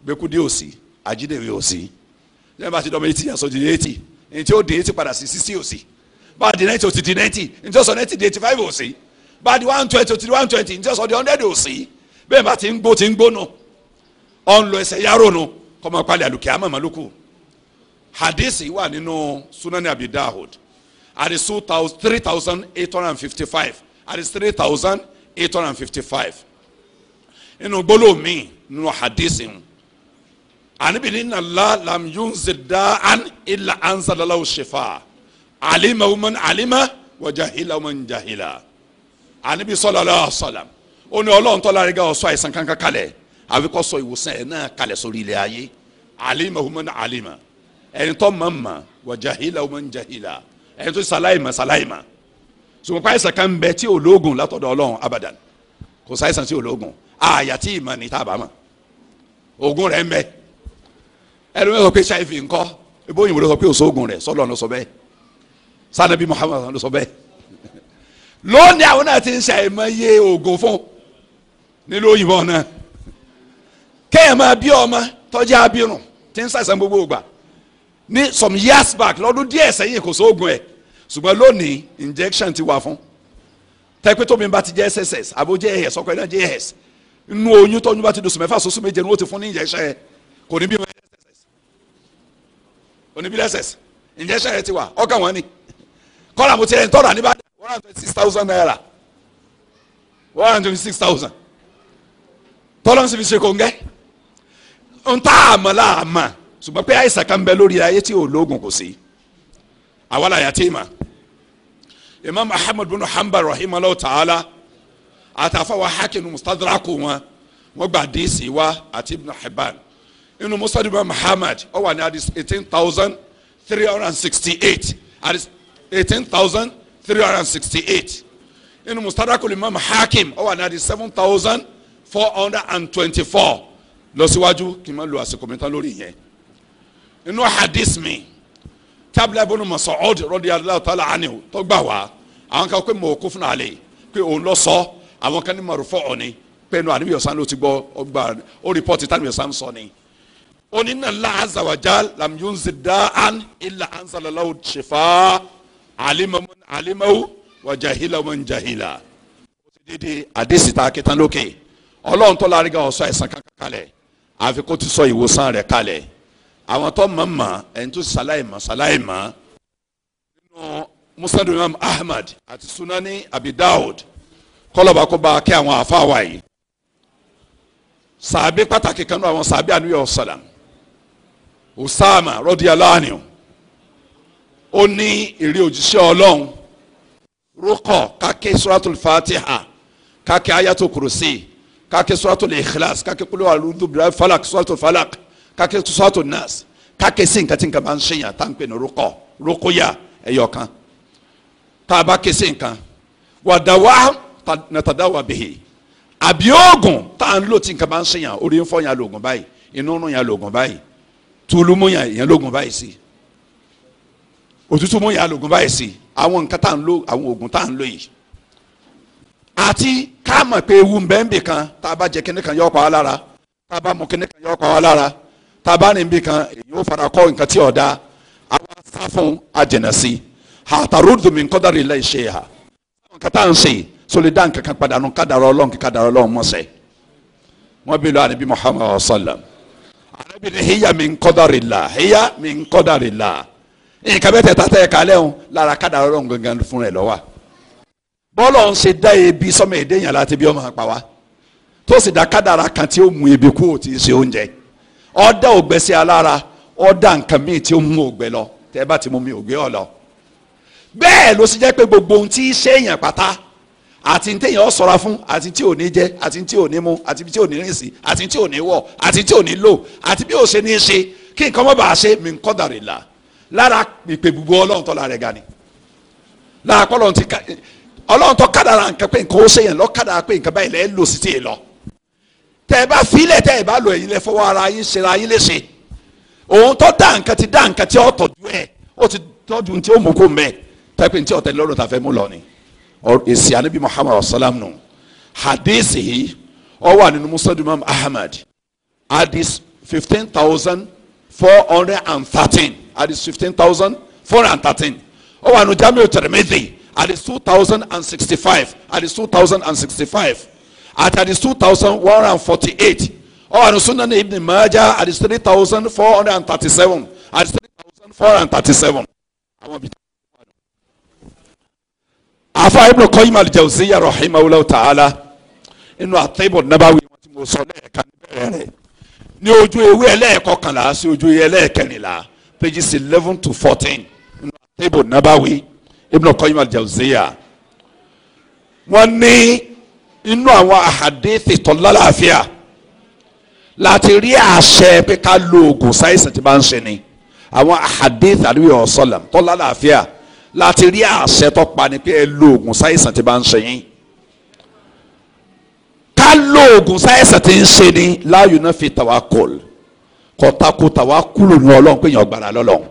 gbẹkúdé òsì ajídèwé òsì lẹ́yìn bá ti dọ́mọ etí àsọ di eighty ní tí ó di eighty padà sí sixty òsì bá a di ninety ó ti di ninety ní tí ó sọ ninety di eighty five òsì bá di one twenty ó ti di one twenty ní tí ó sọ di hundred òsì bẹ́ẹ̀ bá ti ń gbó ti ń gbónú. No ọ̀n lọ ẹsẹ̀ yàrá nu kọ́ máa palẹ̀ àlùkè àmọ́ màlúkù hadith yìí wà sunani abi dahud hadith two three thousand eight hundred and fifty five hadith three thousand eight hundred and fifty five nínú gbólóhùn mi nínú hadisi yìí anibini nala lam yunzi da'an illa anzalalahu shifa alima man alima wajahila jahila jahila anibi sallallahu alaihi wasallam ó ní ọlọ́run tọ́lá rẹ̀ gá ọ̀ṣọ́ àìsàn kankan kalẹ̀ àfi kó sọ ìwòsàn ẹ̀ náà kalẹ̀ sórí ilẹ̀ ayé alimahu man alima ẹni tó mọ̀ mọ̀ wa jahilahu man jahila ẹni tó salaima, sàlàyìmọ̀ sùnmùkọ́ àìsàn kan bẹ tí ológun látọ̀dọ̀ ọlọ́run abadan kò sáìsàn tí ológun àyà tí ìmọ̀ ní tábà mọ̀ ogun rẹ̀ ń bẹ ẹni wọ́n sọ pé hiv ńkọ́ ebó òyìnbó ló sọ pé òṣogun rẹ̀ sọlọ ló sọ bẹ́ẹ̀ sanabi muhammad ló sọ bẹ́ẹ̀ lónìí àwọn náà ti ń ṣàìmọ̀ iye fún nílùú òyìnbó náà kéèyàn máa bí ọmọ tọ́jú abirùn tí ń ṣàìsàn gbogbo ìgbà ní some years back lọ́dún díẹ̀ sẹ́yìn kò sóògùn ẹ̀ ṣùgbọ́n lónìí injection ti wà fún tẹ́pẹ́ tómi bá ti jẹ́ sss àbó jẹ́ as ọkọ ẹ̀ jẹ́ as inú oyún tọ́jú bá ti dosùn mẹ́fà sọ́sùn méje ni wọ́n ti fún ní injection ẹ̀ kò ní bí wọn sss kò ní bí sss injection ẹ̀ ti wà ọkàn wọn ni kọ́lá mo ti ẹ̀ ń tọ́ra ní bàdàn one hundred six thousand naira one hundred six thousand tọ́lọ́sì fi ṣe kò ń gẹ́ ń tá àmọ́ láàmọ́ ṣùgbọ́n pé àìsàn kan bẹ lórí ayé tí ológun kò sí àwa làyà tí ma imam ahmed bin hanbal rahimahu ta'ala àtàfàwà hakim mustadraku wọn wọn gba díìsì wa àti ibn hibban inú musadu bin muhammad ó wà ní hadith eighteen thousand three hundred and sixty-eight hadith eighteen thousand three hundred and sixty-eight inú mustadraku imam hakim ó wà ní hadith seven thousand four hundred and twenty-four lọ síwájú kí n má lo àsìkò mi tán lórí yẹn nínú hadith mi tábìlì ibn Mas'ud radiyallahu ta'ala anhu tó gbà wá àwọn kan pé mawqufun alayhi pé òun lọ sọ àwọn kan ní marfu' ni pẹ̀lú àníbi ọ̀sán ló ti gbọ́ ọgbà ó rìpọ́tì tánìbi ọ̀sán sọ ni. oní Allah azza wa jal lam yunzil da'an illa anzala lahu shifa alimahu man alimahu wa jahilahu ó ti dédé àdéhìsì tá a kí tán lókè ọlọ́run tó lárí ga ọ̀sọ́ ẹ̀sán kankan kalẹ̀ àfi kó ti sọ ìwòsàn rẹ̀ kalẹ̀ àwọn tó mọ̀ mọ̀ ẹni tó sàlàyé mọ̀ sàlàyé mọ̀ nínú musnad imam ahmad àti sunani abi dawud kọlọba kó bá a kí àwọn àfa wa yìí sàbí pàtàkì kan àwọn sàbí àníyàn ọ̀sàlám usama radiyallahu anhu ó ní èrè òjíṣẹ́ ọlọ́run rúkọ̀ kákẹ́ suratul fatiha kákẹ́ ayatul kursi k'a kɛ suratul ikhlas k'a kɛ kulu aludu bila falak suratul falak kake kɛ suratul nas k'a kɛ sen ka ten ka ban yan tan pe ni rukɔ rukuya ɛyɔ kan tá a bá kɛ sen kan wa dawa natadawa bihi àbí oògùn tá à ń lò tí nǹkan bá ń sèyàn orí ń fọ yàn lóògùn báyìí inú ń yàn lóògùn báyìí tulu mú yàn yàn lóògùn báyìí sí òtútù mú yàn lóògùn báyìí sí àwọn nǹkan tá à ń lò àwọn oògùn tá à tá a mọ̀ pé ewu bẹ́ẹ̀nbì kan tá a bá jẹ kíní kan yọ pa á lára tá a bá mu kíní yọ pa á lára tá a bá rìn bí kan èyí ó fara kọ́ nǹkan tí ò dáa àwa sá fún àjẹnà sí àtàrúdù mi nǹkan dárí ilẹ̀ ṣe ha nǹkan tá à ń ṣe sọlẹ̀ dá nǹkan kan padà nù kádàrá ọlọ́run kádàrá ọlọ́run mọ̀ṣẹ́ wọn bí lọ ànábì Muhammad sallam ànábì ni hiya mi nǹkan dárí la hiya mi nǹkan la nǹkan bẹ́ẹ̀ tẹ̀ tá tẹ̀ kálẹ̀ lára kádàrá ọlọ́run gangan fún rẹ̀ lọ́wọ́ bọ́lọ̀ ń ṣe dá ebi sọ́mọ èdè yẹn láti bí ọmọ àpá wa tó sì dá kádàrá kan tí ó mú ebi kú ò tí ì ṣe oúnjẹ ọ̀dà ògbẹ́ sí alára ọ̀dà nǹkan míì tí ó mú ògbẹ́ lọ tẹ́ bá ti mú mi ògbẹ́ ọ̀ lọ. bẹ́ẹ̀ ló sì jẹ́ pé gbogbo ohun tí í ṣe èèyàn pátá àti tí èèyàn ṣọ́ra fún àti tí ò ní jẹ àti tí ò ní mu àti tí ò ní rìn sí àti tí ò ní wọ̀ àti tí ò ní lò àti bí ò ṣe ní ṣe kí nǹkan mọ́ bàa ṣe mí nǹkan dàrí là lára ìpè gbogbo ọlọ́run tọ́lá rẹ̀ ga lára kọ́ ti ka ọlọ́run tó kádàrà nǹkan pé nǹkan ó ṣe yẹn lọ kádàrà pé nǹkan báyìí lẹ́ẹ̀ lò sí tiẹ̀ lọ tẹ ẹ bá filẹ̀ tẹ ẹ bá lò ẹ̀yin lẹ fọwọ́ ara yín ṣera yín léṣe òun tó dá nǹkan ti dá nǹkan tí ó tọ́jú ẹ̀ ó ti tọ́jú tí ó mú kó mẹ́ tẹ́pẹ́ tí ọ̀tẹ̀ lọ́dún tàfẹ́ mú lọ ni èsì anabi muhammad salam nù hadisi yìí ó wà nínú musadumam ahmad hadis fifteen thousand four hundred and thirteen hadis fifteen thousand four hundred and thirteen ó wà nínú jamiu tirmidhi at is 2065 at is 2065 at at is 2148 ọ at sunan ibn majah at is 3437 at is 3437 àwọn bìtẹ́ afa ibn qayyim al-jawziyya rahimahullahu ta'ala inú àtẹ́bọ̀ nabawi wọn tí mo sọ lẹ́ẹ̀kan níbẹ̀rẹ̀ rẹ̀ ní ojú ewé ẹlẹ́ẹ̀kọkànlá sí ojú ewé ẹlẹ́ẹ̀kẹrìnlá pages eleven to fourteen inú àtẹ́bọ̀ nabawi. Ibn Qayyim al-Jawziyya wọ́n ní inú àwọn àhàdéfì tó lálàáfíà láti rí àṣẹ pé ká lo oògùn sáyẹ̀nsì tí bá ń ṣe ni àwọn àhàdéfì àdúgbò ọ̀sọ́làm tó lálàáfíà láti rí àṣẹ tó pa ni pé ẹ lo oògùn sáyẹ̀nsì tí bá ń ṣe yín ká lo oògùn sáyẹ̀nsì tí ń ṣe ni la yunafi tawakkul kò takò tàwa kúlò ní ọlọ́run pé èèyàn gbára lọ́lọ́run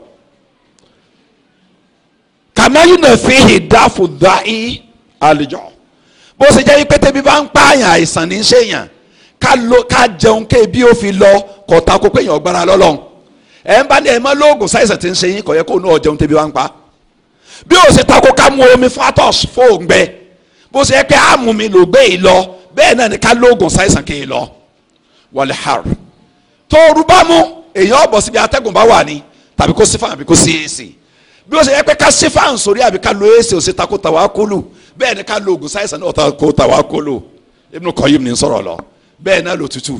kàmá yìí nà fi ìdá fòdà í àlejò bó ṣe jẹ́ pé tẹ́bí bá ń pààyàn àìsàn ní í ṣèyàn ká ló ká jẹun ké bí ó fi lọ kọ̀ ta kó pé èèyàn gbára lọ́lọ́run ẹ̀ ń bá ní ẹ̀ mọ́ lóògùn sáìsàn tí ń ṣe yín kọ̀ yẹ kó nù ọ́ jẹun tẹ́bí ń pa bí ó ṣe tako ká mu omi fún atọ́s fóògbẹ bó ṣe yẹ pé àmú mi ló gbé yìí lọ bẹ́ẹ̀ náà ni ká lóògùn sáìsàn kéè lọ wọlé har tó rúbámu èèyàn ọ̀bọ̀ síbi atẹ́gùn bá wà ní tàbí kó sí fún àbí kó sí èsì bí ó ṣe yẹ pé ká ṣe fáwọn sórí àbí ká lo èsì òsè takò tàwákólù bẹ́ẹ̀ ni ká lo oògùn sáyẹ̀sán náà takò tàwákólù Ibn Qayyim ní sọ̀rọ̀ lọ bẹ́ẹ̀ náà lo tutù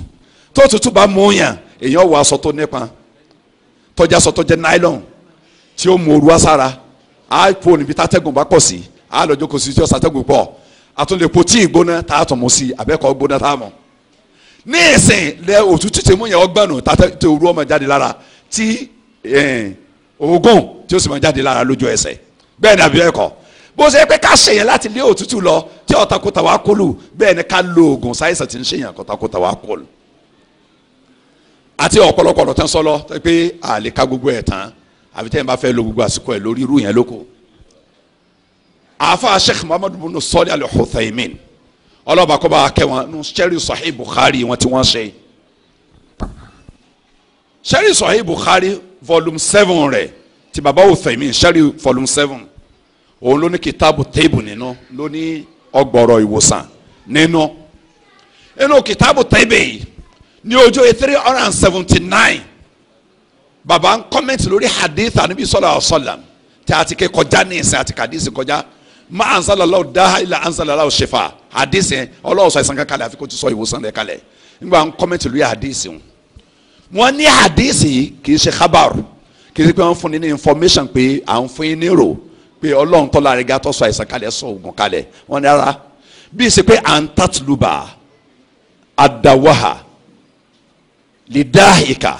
tó tutù bá mú yàn èèyàn wọ aṣọ tó nípa tọ́jà aṣọ tó jẹ́ nylon tí ó mú oru asára á po níbi tátẹ́gùn bá pọ̀ sí á lọ jókòó sí tí ó sàtẹ́gùn pọ̀ àtúndèpo tí ìgbóná tá a tún mú sí àbẹ́kọ̀ gbóná tá a mọ̀ ní ìsìn lẹ òtútù oògùn tí ó sì máa jáde lára lójú ẹsẹ̀ bẹ́ẹ̀ ni àbí ẹ̀kọ́ bó ṣe pé ká ṣèyàn láti lé òtútù lọ tí ọ̀tàkùtà wa kọlù bẹ́ẹ̀ ni ká lo oògùn sáyẹ̀sì tí ń ṣèyàn kọ̀tàkùtà wa kọlù àti ọ̀pọ̀lọpọ̀ ọ̀rọ̀ tán sọ́lọ́ pé àlè ká gbogbo ẹ̀ tán àbí tẹ́yìn bá fẹ́ lo gbogbo àsìkò ẹ̀ lórí irú yẹn lóko àáfàá Sheikh Muhammad bin Salih Al-Uthaymin ọlọ́ba kọ́ba akẹ́wọ̀n nù sẹ́rí Sahih Bukhari wọn tí wọ́n ṣe sẹ́rí Sahih Bukhari volume seven rẹ̀ ti baba Uthaymin sari volume seven òun ló ní kitabu taibu nínú ló ní ọgbọ̀rọ̀ ìwòsàn nínú inú kitabu taibu yìí ní ojú three hundred and seventy nine baba ń kọ́mẹ́ntì lórí hadith anabi sallallahu alaihi wasallam tí a ti ké kọjá ní ìsìn àti kàdísì kọjá má ansalalawo dáhà ilà ansalalawo ṣèfà hadith yẹn ọlọ́wọ́sọ ìsàn kankalẹ̀ àfikún ti sọ ìwòsàn rẹ̀ kalẹ̀ nígbà ń kọ́mẹ́ntì lórí hadith yẹn wọ́n ní hadisi kì í ṣe khabar kì í ṣe pé wọ́n fún ni ní information pé à ń fún yín ní rò pé ọlọ́run tọ́lá rẹ̀ gàtọ́ sọ àìsàn kalẹ̀ sọ oògùn kalẹ̀ wọ́n ní ara bí ṣe pé à ń tàtúlùbà àdáwàhà lidahika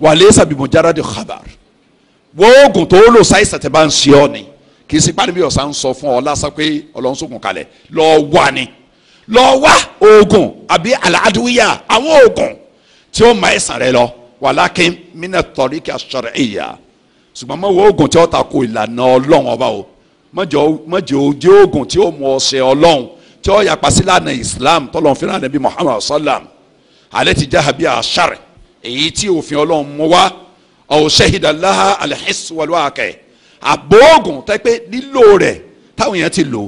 wàlẹ́ sàbìmọ̀jára di khabar wọ́ọ̀gùn tó lò sáìsàn tẹ́ bá ń ṣe ọ́ ni kì í ṣe pàdé bí ọ̀sán ń sọ fún ọ lásán pé ọlọ́run sókun kalẹ̀ lọ́ọ́ wà ni lọ́ọ́ tí ó ma ẹ̀sán rẹ lọ wàlákin mina tọ̀rí kí a sọ̀rọ̀ ìyá ṣùgbọ́n mọ̀ wo oògùn tí ó ta ko ìlànà ọlọ́run ọba o mọ̀jẹ̀ ojú oògùn tí ó mú ọ̀sẹ̀ ọlọ́run tí ó yapa sí lánà islam tọ́lọ́run fẹ́ràn nàbí muhammad sallam alẹ́ ti jáha bí aṣar èyí tí òfin ọlọ́run mú wá ọ̀ṣẹ́hìdàláha alẹ́hẹ́sìwọlọ́àkẹ́ àbóògùn tẹ́ pé lílo rẹ̀ táwọn èèyàn ti lò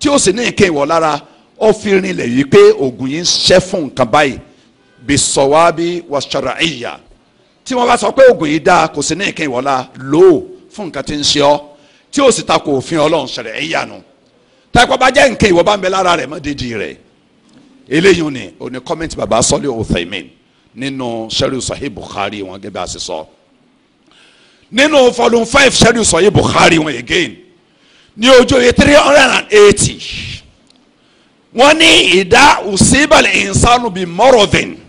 tí ó sì ní ìkẹyìn wọ̀ lára ó fi rinlẹ̀ yìí pé oògùn yìí ń ṣẹ́ fún nǹkan báyìí bisawabi wa shara'iyya tí wọ́n bá sọ pé oògùn yìí dáa kò sí ní ìkẹyìn wọ́lá lò ó fún nǹkan tí ń ṣe ọ́ tí ó sì ta kò òfin ọlọ́run shara'iyya nu táìpọ́ bá jẹ́ nǹkan ìwọ bá ń bẹ lára rẹ̀ mọ́ dídì rẹ̀ eléyìí ni òní kọ́mẹ́ntì bàbá sọ́lé Uthaymin nínú sẹ́rí sahih Bukhari wọn gẹ́gẹ́ bá a ṣe sọ nínú volume five sẹ́rí sahih Bukhari wọn again ní ojú oye three hundred and eighty wọ́n ní ìdá usibal insanu bi mọ́rọ̀dìn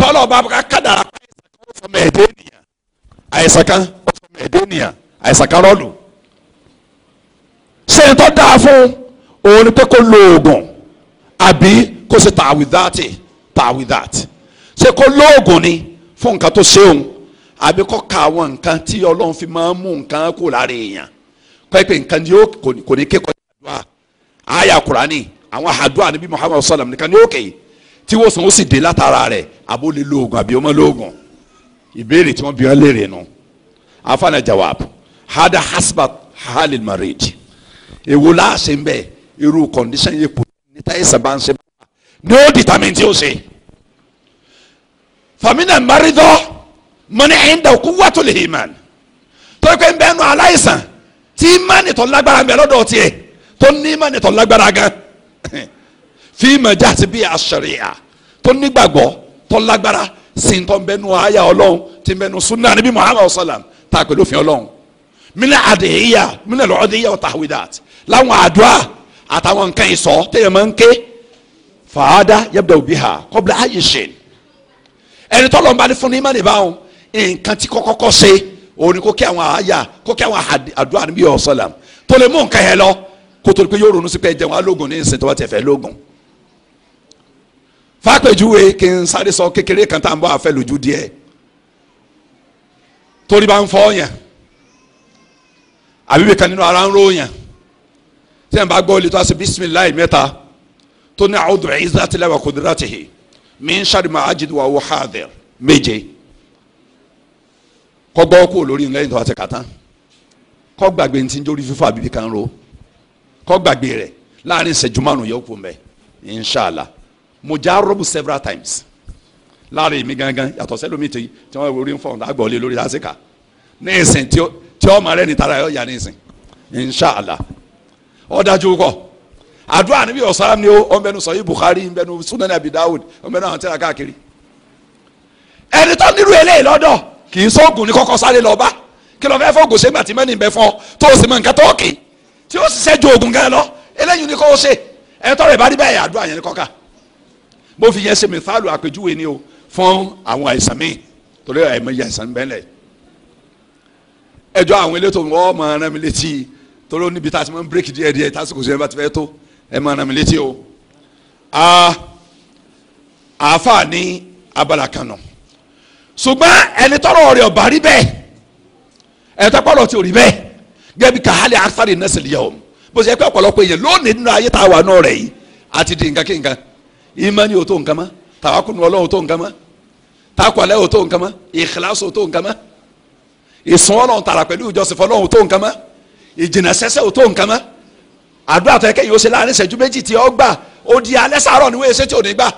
tọ́lọ̀ bá ká kádàrá àìsàn kan ó sọ mọ ẹ̀dẹ́ ènìyàn àìsàn kan ó sọ mọ ẹ̀dẹ́ ènìyàn àìsàn kan rọ́ọ̀lù. ṣé ìtọ́ dáa fún òun ni pé kó lo oògùn àbí kó ṣe tà with that tà with that ṣé kó lo oògùn ni fún nǹkan tó ṣe òun àbí kó ka àwọn nǹkan tí ọlọ́run fi máa mú nǹkan kó lára èèyàn kọ́ pé nǹkan ni kò ní kékọ̀ọ́ àdúrà àyà kùránì àwọn àdúrà níbi Muhammadu sallam nìkan ní òkè yìí tí wòsàn ó sì dé látara rẹ̀ àbó lè lo oògùn àbí ọmọ lóògùn ìbéèrè tí wọ́n bí wọ́n léèrè nu afana jawab hada hasbat halil marid èwo láàṣẹ ń bẹ irú condition yẹ kò níta ẹsẹ̀ bá ń ṣe bá ní ó determine tí ó ṣe famina maridọ mọni ẹnda kú wàtò lè himan tọ́kẹ́ ń bẹ́ẹ̀ nu aláìsàn tí ìmánì tó lágbára ń bẹ lọ́dọ̀ tiẹ̀ tó ní ìmánì tó lágbára gan fíìmù jáde bíi àṣẹríà tó nígbàgbọ́ tó lágbára sí tó ń bẹnu àyà ọlọ́run tí ń bẹnu sunna níbi muhammadu sallam tá a pẹ̀lú òfin ọlọ́run mílẹ̀ àdéhìyà mílẹ̀ lọ́ọ́déhìyà ọ̀tá àwìdàt láwọn àdúrà àtàwọn nǹkan ìsọ téèyàn máa ń ké fàádà yabda òbí ha kọ́bla ayé ṣe ẹni tọ́lọ̀ ń bá ní fún ní mánì báwọn nǹkan tí kọ́kọ́kọ́ ṣe òun ni kó kí àwọn àyà kó kí àwọn àdúrà níbi ọ̀sọ̀làm tó lè mú nǹkan yẹn lọ kó tó di pé yóò ronú sí pé jẹun alógun ní ìsìn tó bá tiẹ̀ fẹ́ lógun fàpèjúwe kí n sáré sọ kékeré kan tá à ń bọ̀ àfẹ́ lójú díẹ̀ torí bá ń fọ́ yàn àbíbi kan nínú ara ń ró yàn tí yàn bá gbọ́ olè tó a ṣe bisimilayi mẹ́ta tó ní a'udhu bi'izzatillahi wa qudratihi min sharri ma ajidu wa huwa hadir méje kọ́ kó lórí lẹ́yìn tó a ti kà tán kọ́ gbàgbé ní ti ń jórí fífọ́ àbíbi kan láàrin ìṣẹ́jú márùn-ún yóò inṣàlá mo já rọ́bù several times láàrin mi gangan yàtọ̀ sẹ́lómi tí tí wọ́n rí fọ́ọ̀n àgbọ̀lé lórí àṣekà ní ìsìn tí ọmọ rẹ ní tara yọ ya ní ìsìn inshàlá ó dájú kọ àdúrà níbi ọ̀sán ni ó ọmọbẹnu sọ buhari Bukhari ọmọbẹnu Sunan Abi Dawud ọmọbẹnu àwọn tẹ́lá káàkiri ẹni tó nírú eléyìí lọ́dọ̀ kì í sóògùn ní kọ́kọ́ sáré lọ bá kí lọ́ọ́ fẹ́ fọ́ọ̀gùn ṣe gbàtí mẹ́rin bẹ fún ọ tó o sì mọ nǹkan tó kì í tí ó sì ṣẹ́jú oògùn gan lọ eléyìí ni kò ṣe ẹ̀ tọrọ ìbá rí bẹ́ẹ̀ àdúrà yẹn ní kọ́ka mo fi yẹn ṣe mi fáàlù àpèjúwe ni o fún àwọn àìsàn mi torí àìmọye àìsàn bẹ́ẹ̀ lẹ̀ ẹjọ́ àwọn elétò wọ́n máa rán mi létí torí ó níbi tá a ti máa ń bírèkì díẹ̀ díẹ̀ tásìkò sí ẹ bá ti fẹ́ tó ẹ máa rán mi létí o àáfàá ní abala kan ṣùgbọ́n ẹni tọrọ rẹ̀ ọba rí bẹ́ẹ̀ ẹni tọpọ rẹ̀ ti rí bẹ́ẹ̀ gẹbi kahali asari nẹsẹlẹ yẹ o bó ṣe pé ọ̀pọ̀lọpọ̀ èèyàn lónìí nínú ayé tá a wà náà rẹ yìí àti di nǹkan kí nǹkan imani o tó nǹkan mọ́ tawakunu ọlọ́run tó nǹkan mọ́ takwalẹ́ o tó nǹkan mọ́ ìkìlási o tó nǹkan mọ́ ìsún ọlọ́run tààrà pẹ̀lú ìjọsìn fọlọ́run tó nǹkan mọ́ ìjìnà sẹ́sẹ́ o tó nǹkan mọ́ àdúrà tó yẹ kẹ́yìn ó ṣe láàrin ìṣẹ́jú méjì tí ó gbà ó di alẹ́ sàárọ̀ ni wọ́n ṣe tí ò ní gbà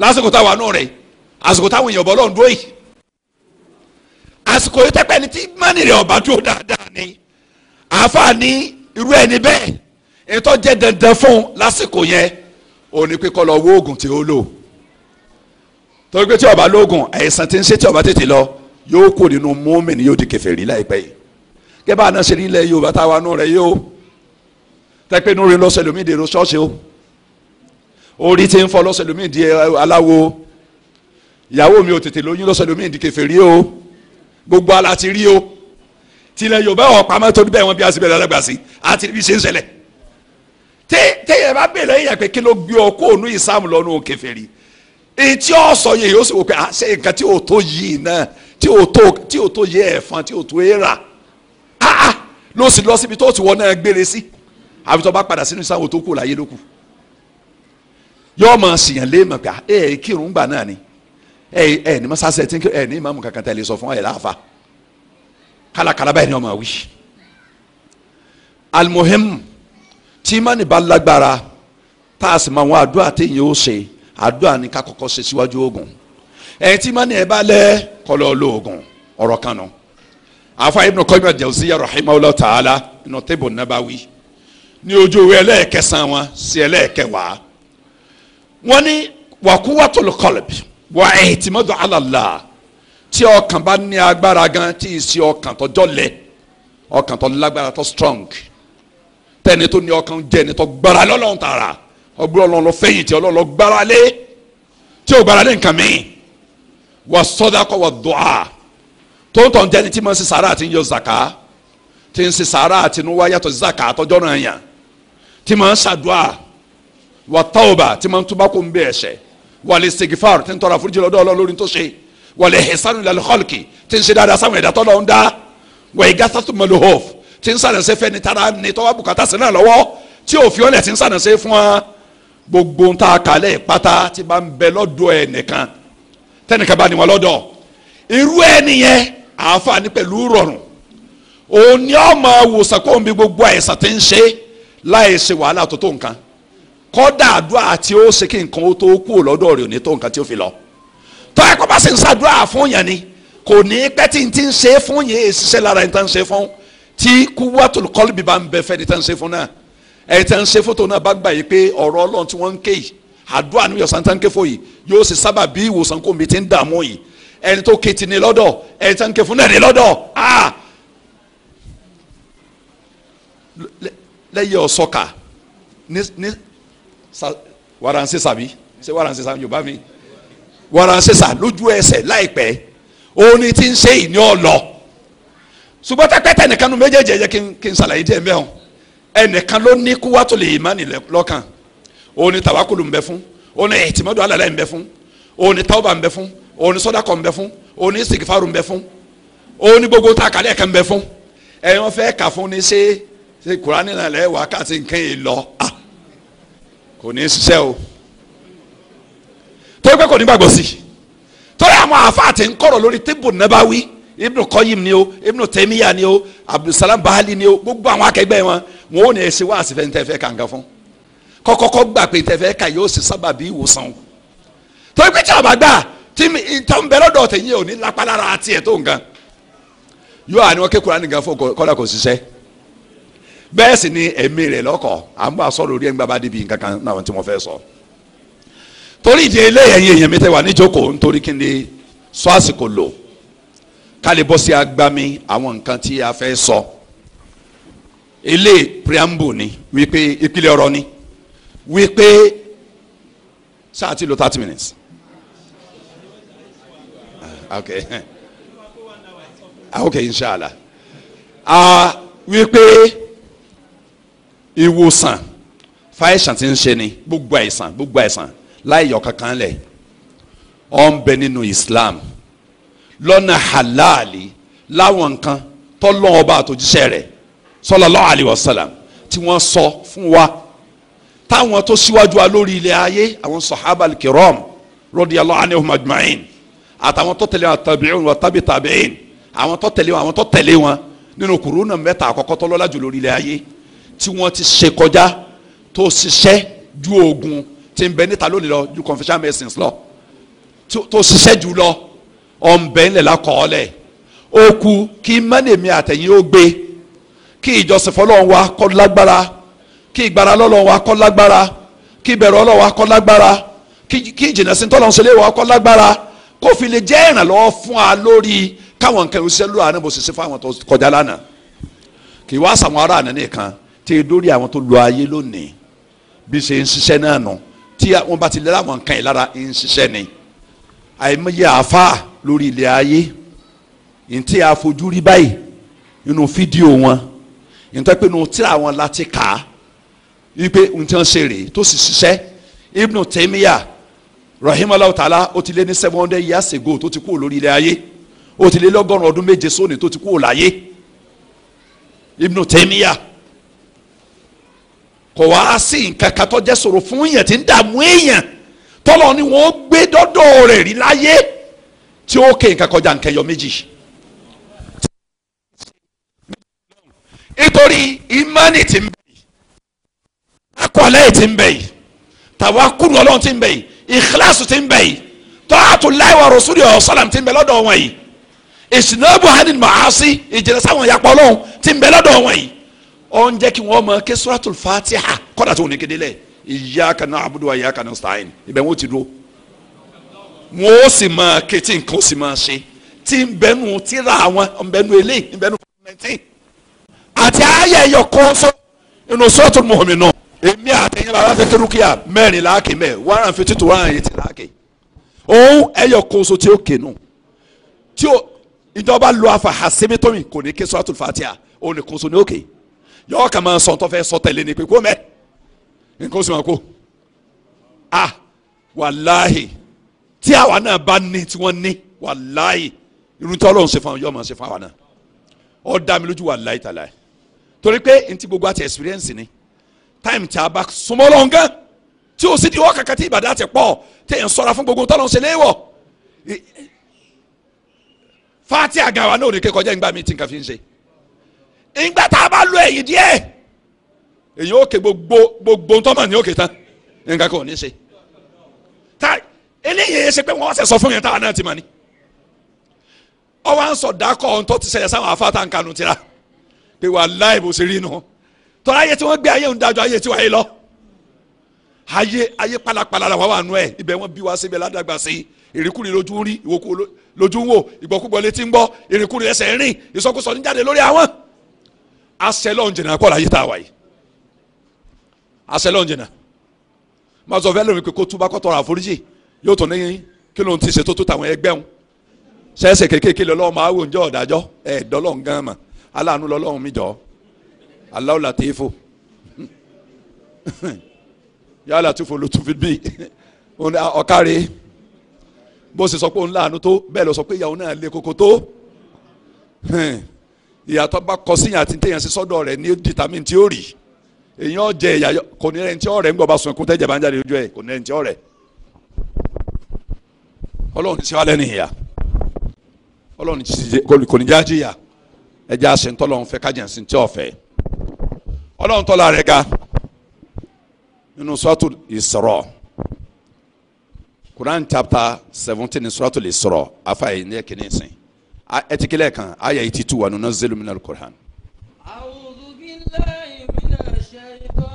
lásìkò táwa nù rẹ̀ àsìkò táwọn èèyàn bọ́ lọ́n dúró yìí àsìkò yìí tẹ́pẹ́ ni tí mánì rẹ̀ ọ̀bá dúró dáadáa ni àáfàá ní irú ẹni bẹ́ẹ̀ ètò jẹ́ dandan fún lásìkò yẹn ó ní pé lọ wo oògùn tí ó lò torí pé tí ó bá lóògùn àìsàn tí ń ṣe tí ó bá tètè lọ yóò kó nínú mọ́mìnì yóò di kèfèrí láìpẹ́ yìí gẹ́gẹ́ bá a náà ṣe nílẹ̀ Yorùbá táwa nù rẹ̀ yóò tẹ́pẹ́ nù rẹ̀ lọ́sẹ̀ lómi dèrò ṣọ́ọ̀ṣì o orí ti ń fọ lọ́sẹ̀ lómi di aláwo ìyàwó mi ò tètè lóyún lọ́sẹ̀ lómi di kèfèrí o gbogbo ala ti rí o tilẹ̀ Yorùbá ọ̀pá mọ́tò bẹ́ẹ̀ wọn bí a sì bẹ̀rẹ̀ alágbàsí àti ibi ṣe ń téèyàn bá bèèrè lẹ́yìn yẹn pé kí ló gbé ọ kó onú islam lọ́nu kèfèrí èyí tí ó sọ yẹn yóò sì wò pé à ah, ṣe nǹkan tí ò tó yìí náà tí ò tó tí ò tó yẹ ẹ̀fọn tí ò tó èèrà áá ah, ah, ló sì lọ síbi tó ti wọ náà gbére sí àfi tó bá padà sínú islam tó kù láyé ló kù yóò mọ̀ ṣìyàn léèmọ̀ pé ẹ kírun gbà náà ni ẹ ẹ ní masasa tí ẹ ní ìmáàmù kankan tẹ̀lé sọ fún ẹ láàfa kálákálá báyìí ni ọmọ wí almuhim tí mánì bá lágbára tá a sì mọ àwọn àdúrà téèyàn ó ṣe àdúrà ní ká kọ́kọ́ ṣe síwájú oògùn ẹ tí mánì ẹ bá lẹ kọlọ lo oògùn ọ̀rọ̀ kan nù. àfa Ibn Qayyim al-Jawziyya rahimahullah ta'ala inú tẹ́bù Nabawi ní ojú ìwé ẹlẹ́ẹ̀kẹsàn wọn sí ẹlẹ́ẹ̀kẹwàá wọn ní wa quwwatul qalbi wa i'timadu ala Allah tí ọkàn bá ní agbára gan tí ì sí ọkàn tó jọ̀lẹ̀ ọkàn tó lágbára tó strong tẹni tó ní ọkàn jẹ ẹni tó gbára lé Ọlọ́run tààrà ọgbọ́n Ọlọ́run lọ fẹ́yìn tí Ọlọ́run lọ gbára lé tí ò gbára lé nǹkan mi wà sọ́dákọ̀ wà dùà tó ń tàn jẹ́ni tí ma ń ṣe sàrà àti ń yọ zàká tí ń ṣe sàrà àti ń wá yàtọ̀ zàká àtọ́jọ́ náà yàn tí ma ń ṣàdùà wà tàwùbà tí ma ń túbà kó ń bẹ ẹ̀ṣẹ̀ wà lè segifar tí ń tọrọ àforíjì tí ń sànàṣe fẹ́ni tara ni tọ́wọ́ bùkátà sí náà lọ́wọ́ tí òfin ọ̀lẹ̀ tí ń sànàṣe fún wa gbogbo ń ta àkàlẹ̀ pátá tí bá ń bẹ lọ́dọ̀ ẹ̀ nìkan tẹ́nìkan bá ní wọn lọ́dọ̀ irú ẹ̀ nìyẹn àǹfààní pẹ̀lú rọrùn òun ni ọ máa wòsàn kó o bí gbogbo àìsàn tí ń ṣe láì ṣe wàhálà tó tó nǹkan kọ́dà àdúrà tí ó ṣe kí nǹkan ó tó kú lọ́dọ̀ rẹ̀ ò ní tó nǹkan tí ó fi lọ tọ́ ẹ bá sì ń ṣàdúrà fún yẹn ni kò ní pẹ́ tí ń ti ń ṣe fún yẹn èsì ṣe lára ẹni tó ṣe fún yẹn tí kúwàtò kọ́lù bíbá ń bẹ fẹ́ni tẹ́ ń ṣe fún náà ẹ̀yìn tẹ́ ń ṣe fótó náà bá gbà yìí pé ọ̀rọ̀ ọlọ́run tí wọ́n ń ké yìí àdúrà níbi ọ̀sán tẹ́ ń ké fò yìí yóò sì sábà bí ìwòsàn kò mi ti ń dààmú yìí ẹni tó ké ti ní lọ́dọ̀ ẹni tẹ́ ń ké fún náà ní lọ́dọ̀ ah! lẹ́yìn ọ̀sọ́kà ní ní wàràǹsẹ̀ ṣé wàràǹsẹ̀ sàbí yorùbá mi ṣùgbọ́n tẹ́tẹ́tẹ́ nìkan nu méjèèjì ẹ̀yẹ kí n ṣàlàyé díẹ̀ mẹ́hàn ẹnìkan ló ní kó wá lè má nílẹ̀ lọ́kàn òun ni tàwákùlù ń bẹ fún òun ni ìtìmọ́dọ̀ alàlẹ́ ń bẹ fún òun ni tawba ń bẹ fún òun ni sọ́dọ̀kọ̀ ń bẹ fún òun ni sìgìfàrù ń bẹ fún òun ni gbogbo takalẹ̀ kan ń bẹ fún ẹ̀yin wọn fẹ́ kà fún ni ṣé ṣe kurani náà lẹ́ wákàtí nǹkan yìí lọ à kò ní ṣiṣẹ́ o tó pé kò ní gbàgbọ́ sí tó yà àwọn àfa àti ńkọ̀rọ̀ lórí tébù náà ibnu kọyim ni o ibnu tẹmiya ni o abdulsalam bahali ni o gbogbo àwọn akẹgbẹ́ wọn wọn ò ní ẹ ṣe wá àsìfẹ́ ní tẹ́fẹ́ kàǹgà fún kọ́kọ́kọ́ gbà pé tẹ́fẹ́ kà yóò ṣe sábà bí ìwòsàn o torí pé tí a bá gbà tí ìtàn bẹ̀rẹ̀ dọ̀ tẹ̀ yín ò ní lápá lára àti ẹ̀ tó nǹkan yóò àní wọn kékeré nìkan fún kọ́lá kò ṣiṣẹ́ bẹ́ẹ̀ sì ni ẹ̀mí rẹ̀ lọ́kọ̀ à ń bá sọ̀rọ̀ orí ẹ̀ ń gbàgbá náà tí mo fẹ́ sọ torí ìdí eléyẹ̀yẹ̀ yẹn mi tẹ́ wà níjókòó nítorí kí ni sọ àsìkò lò kálí bọ́ sí agbami àwọn nǹkan tí a fẹ́ sọ ilé preamble ni wípé ìpìlẹ̀ ọ̀rọ̀ ni wípé sáà ti lò thirty minutes ah, ok ah, ok inshallah a ah, wípé ìwòsàn fáìsàn ti ń ṣe ni gbogbo àìsàn gbogbo àìsàn láì yọ kankan lẹ̀ ó ń bẹ nínú Islam. No lọ́nà halali láwọn nǹkan tọ́lọ́ ọba àtòjíṣẹ́ rẹ̀ sallallahu alaihi wasallam tí wọ́n sọ fún wa táwọn tó síwájú wa lórí ilẹ̀ ayé àwọn sahaba kiram radiyallahu anhum ajma'in àtàwọn tó tẹ̀lé wọn tabi'un wa tabi tabi'in àwọn tó tẹ̀lé wọn àwọn tó tẹ̀lé wọn nínú kùrúnà mẹ́ta àkọ́kọ́ tó lọ́lá jù lórí ilẹ̀ ayé tí wọ́n ti ṣe kọjá tó ṣiṣẹ́ ju oògùn tí ń bẹ níta lónìí lọ ju confucian medicines lọ tó ṣiṣẹ́ jù lọ ọ̀nbẹ ńlẹ̀ lakọọ́lẹ̀ ó ku kí mẹ́nìmí àtẹ̀yìn ó gbé kí ìjọsìn fọlọ́run wa kọ́ lágbára kí ìgbára lọ́lọ́run wa kọ́ lágbára kí ìbẹ̀rù ọlọ́run wa kọ́ lágbára kí ìjìnà sí tọ́lọ́run ṣe wa kọ́ lágbára kó fi lè jẹ́ ìrànlọ́wọ́ fún wa lórí káwọn nǹkan ìṣiṣẹ́ lóra náà bó ṣe ṣe fún àwọn tó kọjá lánàá kì í wá sàwọn ará àná nìkan tí e dórí àwọn tó lo ayé lónìí bí ṣe ń ṣiṣẹ́ náà nù tí wọ́n bá ti lé láwọn nǹkan yìí lára ń ṣiṣẹ́ ni àìmọye àáfàá lórí ilẹ̀ ayé ntí àfojúrí báyìí inú fídíò wọn ntọ́ pé inú tíra wọn láti kà á wípé ntí wọn ṣe rèé tó sì ṣiṣẹ́ Ibn Taymiyyah rahimahulah ta'ala ó ti lé ní seven hundred years ago tó ti kú lórí ilẹ̀ ayé ó ti lé lọ́gọ́rùn ọdún méje sóni tó ti kú láyé Ibn Taymiyyah kò wá sí nǹkan kan tó jẹ́ sòrò fún yẹn tí ń dààmú èèyàn tọ́lọ́ ni wọ́n gbé dọ́dọ̀ rẹ̀ rí láyé tí ó ké nǹkan kọjá nǹkan ẹyọ méjì. nítorí ìmánì ti ń bẹ yìí akọ̀lẹ́ ti ń bẹ yìí tàwákùlù ọlọ́run ti ń bẹ yìí ìkíláàsì ti ń bẹ yìí tọ́hátù láìwá rọ̀ṣúlì ọ̀sálàm ti ń bẹ lọ́dọ̀ wọn yìí ìsìnàbù hanin màásì ìjìnlẹ̀ sáwọn ìyàpọ̀ ọlọ́run ti ń bẹ lọ́dọ̀ wọn yìí ó ń jẹ́ kí wọ́n mọ ké suratul fatiha kọ́dà tó ní kedele iyyaka na'budu wa iyyaka nasta'in ibẹ̀ wọ́n ti dúró wọn ó sì máa ké tí nǹkan ó sì máa ṣe tí ń bẹnu tíra àwọn ń bẹnu eléyìí ń bẹnu nineteen àti ayé ẹyọ kan sọ inú sọ́ọ̀tún mọ̀mí náà èmi àtẹ̀yìn bàbá fẹ́ kérúkìá mẹ́rin láàkì mẹ́ one and fifty to one hundred eighty láàkì òun ẹyọ kan so tí ó ké nù tí ó ìjọba lo afa hasimitomi kò ní ké sọ́ọ̀tún fatia òun ní kóso ní òkè yọ kà máa sọ tọ́fẹ́ sọ tẹ̀lé ní pé kó nǹkan ó sì máa kó ah wàláhì tí àwa náà bá ní tí wọ́n ní wàláì irun tí ọlọ́run ṣe fún àwọn yóò máa ṣe fún àwa náà ó dá mi lójú wàláì tàláì torí pé ntí gbogbo àti experience ni time tí a bá súnmọ́ lọ́n gan tí o sì di wọ́n kankan tí ìbàdàn àti pọ̀ téèyàn sọ́ra fún gbogbo tọ́lọ́run ṣe léèwọ̀ fati àgàwà náà ò ní kékọjá ìgbà mi tí nǹkan fi ń ṣe ìgbà tá a bá lo ẹ̀yìn díẹ̀ èyí ó ké gbogbo gbogbo ntọ́mọ̀ ní òkè tán nǹkan kan ò ní ṣe eléyìí ṣe pé wọ́n ṣe sọ fún yẹn táwọn náà ti mọ̀ ni ọwọ́ à ń sọ dákọ̀ ọ̀hún tó ti ṣẹlẹ̀ sáwọn afáàtà ń kanu tira pé wàláhì bó ṣe rí inú tọ́lá ayé tí wọ́n gbé ayé ń dájọ́ ayé tí wàá lọ ayé ayé pálapàla la wà wà nù ẹ ibẹ̀ wọ́n bí wa sí ibẹ̀ ládàgbà sí ìrìkúri lójú rí ìwòkú lójú wò ìgbọ́kúgbọ́ létí ń gbọ́ ìrìkúri ẹsẹ̀ rìn ìsọkúsọ ní jáde lórí àwọn asẹlọ ń jìnnà kọ́ la yé tá a wà yìí asẹlọ ń jìnnà mazọ fẹ́ lómi pé kó túbá kọ́ tọrọ àforíjì yóò tún ní kí ló ń ti ṣe tó tó tàwọn ẹgbẹ́ wọn ṣẹ́ẹ̀ṣẹ̀ kéékèèké lọ́lọ́run máa wò ń jọ́ ọ̀dájọ́ ẹ̀ dọ́lọ́run gan mà aláàánú lọ́lọ́run mi jọ Allahu Latifu ya Latifu lùtùfì bíi ọ̀kárẹ́ bó ṣe sọ pé òun láàánú tó bẹ́ẹ̀ lọ sọ pé ìyàwó náà le koko tó ìyàtọ̀ bá kọ síyàn àti téèyàn ṣe sọ́dọ̀ rẹ̀ ní determine tí ó rì èèyàn jẹ ìyà kò ní ẹni tí ọ̀rẹ́ ń gbọ́ bá sun ẹkún tẹ́jẹ̀ bá ń jáde lójú ẹ̀ kò ní ẹni tí ọ̀rẹ́ ọlọ́run ti ṣe wá lẹ́nu ìyá ọlọ́run ti ṣe kò ní já jìyà ẹja ṣe ń tọ́lọ́run fẹ́ kájà ń sin tí ọ̀fẹ́ ọlọ́run tọ́lá rẹ̀ ga nínú suratul Isra Quran chapter seventeen suratul Isra afa yi ní ẹ̀kíní sìn ẹtìkílẹ̀ kan ayé yìí ti tu wà nínú nazzilu minal Quran. A'udhu billahi Quran.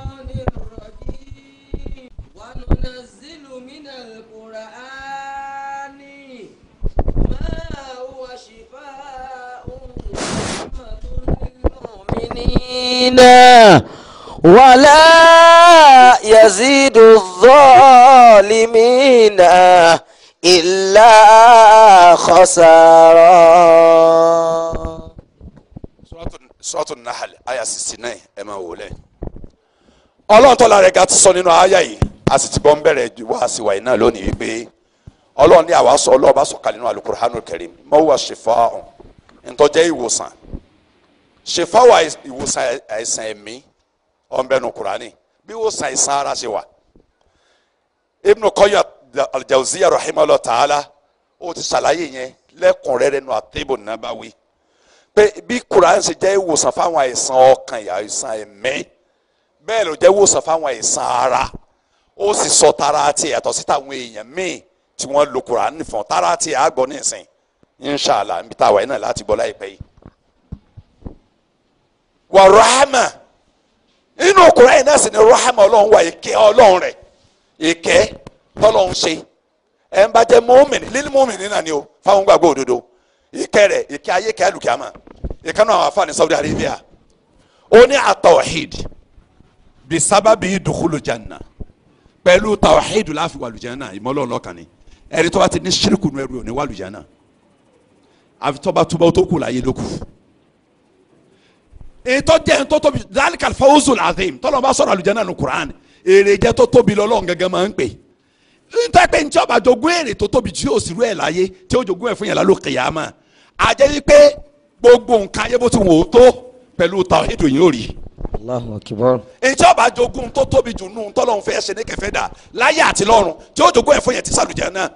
علينا ولا يزيد الظالمين إلا خسارا سورة النحل آية 69 أما أولين ọlọ́run tọ́lá rẹ̀ ga ti sọ nínú àyà yìí a sì ti gbọ́ ń bẹ̀rẹ̀ wá sí wàyí lónìí wípé ọlọ́run ní àwa sọ ọlọ́run bá sọ̀kalẹ̀ nínú alukur'anul karim mọ́wá ṣèfà ọ̀hún ntọ́jẹ́ ìwòsàn ṣèfà wa ìwòsàn àìsàn ẹ̀mí ọ̀nbẹ nu Kùránì bí wòsàn àìsàn ara ṣe wà Ibn Qayyim ta'ala ó ti ṣàlàyé yẹn lẹ́kùnrẹ́rẹ́ nu àtẹ́bù Nabawi pé bí Kùránì ṣe jẹ́ ìwòsàn fáwọn àìsàn ọkàn àìsàn ẹ̀mí bẹ́ẹ̀ ló jẹ́ ìwòsàn fáwọn àìsàn ara ó sì sọ tara tiẹ̀ yàtọ̀ sí tàwọn èèyàn míì tí wọ́n lo Kùránì fún tara tiẹ̀ àgbọ̀ nísìn inṣàlá níbi táwa yìí náà láti bọ́ láìpẹ́ yìí wà rahama nínú Kùránì náà sì ni rahama ọlọ́run wà ìkẹ́ ọlọ́run rẹ̀ ìkẹ́ tọ́lọ́run ṣe ẹ̀ ń bá jẹ́ mọ́mìnì lílí mọ́mìnì náà ni o fáwọn gbàgbọ́ òdodo ìkẹ́ rẹ̀ ìkẹ́ ayé kẹ́ àlùkìyámà ìkànnì àwọn afáàní Saudi Arabia ó ní àtọ̀hìd bí sábàbí dùkúlù janna pẹ̀lú tawhid láfi wàlùjánà ìmọ̀lọ́ ọlọ́kan ni ẹ̀rí tó bá ti ní ṣírìkù nù ẹrù ò ní wàlùjánà àfi tó bá túbọ̀ tó kù láyé lókù ètò jẹ́ tó tóbi dhalika al-fawzul azim tọ́lọ́ bá sọ̀rọ̀ àlùjánnà nínú Qur'an èrè jẹ́ tó tóbi lọ́lọ́run gẹ́gẹ́ máa ń pè níta pé ní tí ọba jogún èrè tó tóbi tí yóò sì rú ẹ̀ láyé tí ó jogún ẹ̀ fún yàrá ló kìyàmà àjẹ́ wípé gbogbo nǹkan ayé bó ti wò ó tó pẹ̀lú tàwídù yìí ó rí. Allahu akbar. ètò ọba jogún tó tóbi jù nù tọ́lọ́run fẹ́ ṣe ní kẹfẹ́ dà láyé àti lọ́run tí ó jogún ẹ̀ fún yẹn ti sàlùjánnà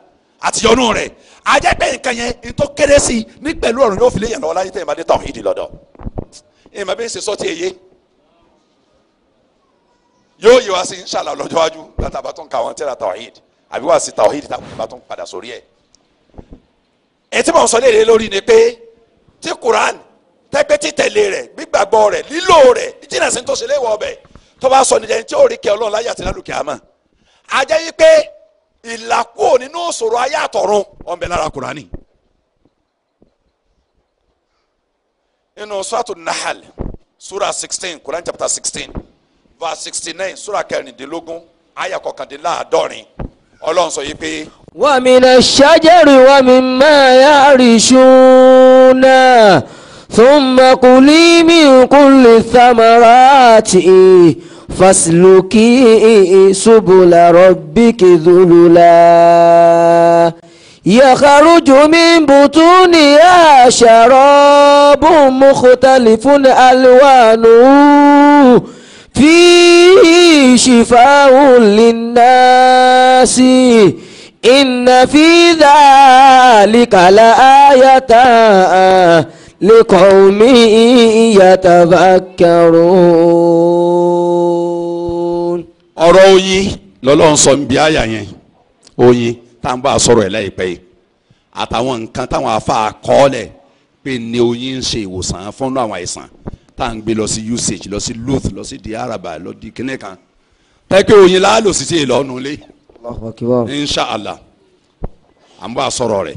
àti yọnu rẹ̀ àjẹ́ nǹkan yẹn ètò kérésì ní pẹ̀lú ọ̀run yóò fi lé lọ́wọ́ láyé tẹ̀yìn bá dé tàwídì lọ́dọ̀ èèmọ̀ bí ń ṣe sọ́tì èyí yóò yẹ wá sí inṣàlá lọ́jọ́ iwájú látàbà tó ń ka àwọn tẹ́lá tawhid àbí wá sí tawhid tàbá tó ń padà sórí ẹ̀. ẹ̀ tí mò ń sọ léèrè lórí ni pé tí Quran tẹ́pẹ́ títẹ̀lé rẹ̀ gbígbàgbọ́ rẹ̀ lílò rẹ̀ jìnnà sí tó ṣe léwọ̀ ọbẹ̀ tó bá sọ nìyẹn tí ó rí kẹ́ Ọlọ́run láyé àti lálùkẹ́ àmọ́ àjẹ́ yí pé ìlàkúò nínú òṣòro ayé àtọ̀run ọ̀nbẹ lára Kùránì nínú suratu nahal sura sixteen quran chapter sixteen verse sixty nine sura kẹrìndínlógún àyà kọkàndínláàádọ́rin ọlọ́run sọ yìí pé. wa mina shajari wa mimma yarishuna thumma kuli min kulli thamarati fasluki subula rabbiki dhulula. يخرج من بطونها شراب مختلف ألوانه فيه شفاء للناس إن في ذلك لآية لقوم يتفكرون أروي oyin lọ́lọ́run sọ ń bí tá bá a sọ̀rọ̀ ẹ̀ láìpẹ́ yìí àtàwọn nǹkan táwọn afa àkọọ́lẹ̀ pé ní oyin ń ṣe ìwòsàn fún àwọn àìsàn tá n gbé lọ sí usage lọ sí luth lọ sí di araba lọ di kíní kan tẹ́kẹ́ oyin la lò sí sí ìlọ́nu lé inshàlá à ń bá a sọ̀rọ̀ rẹ̀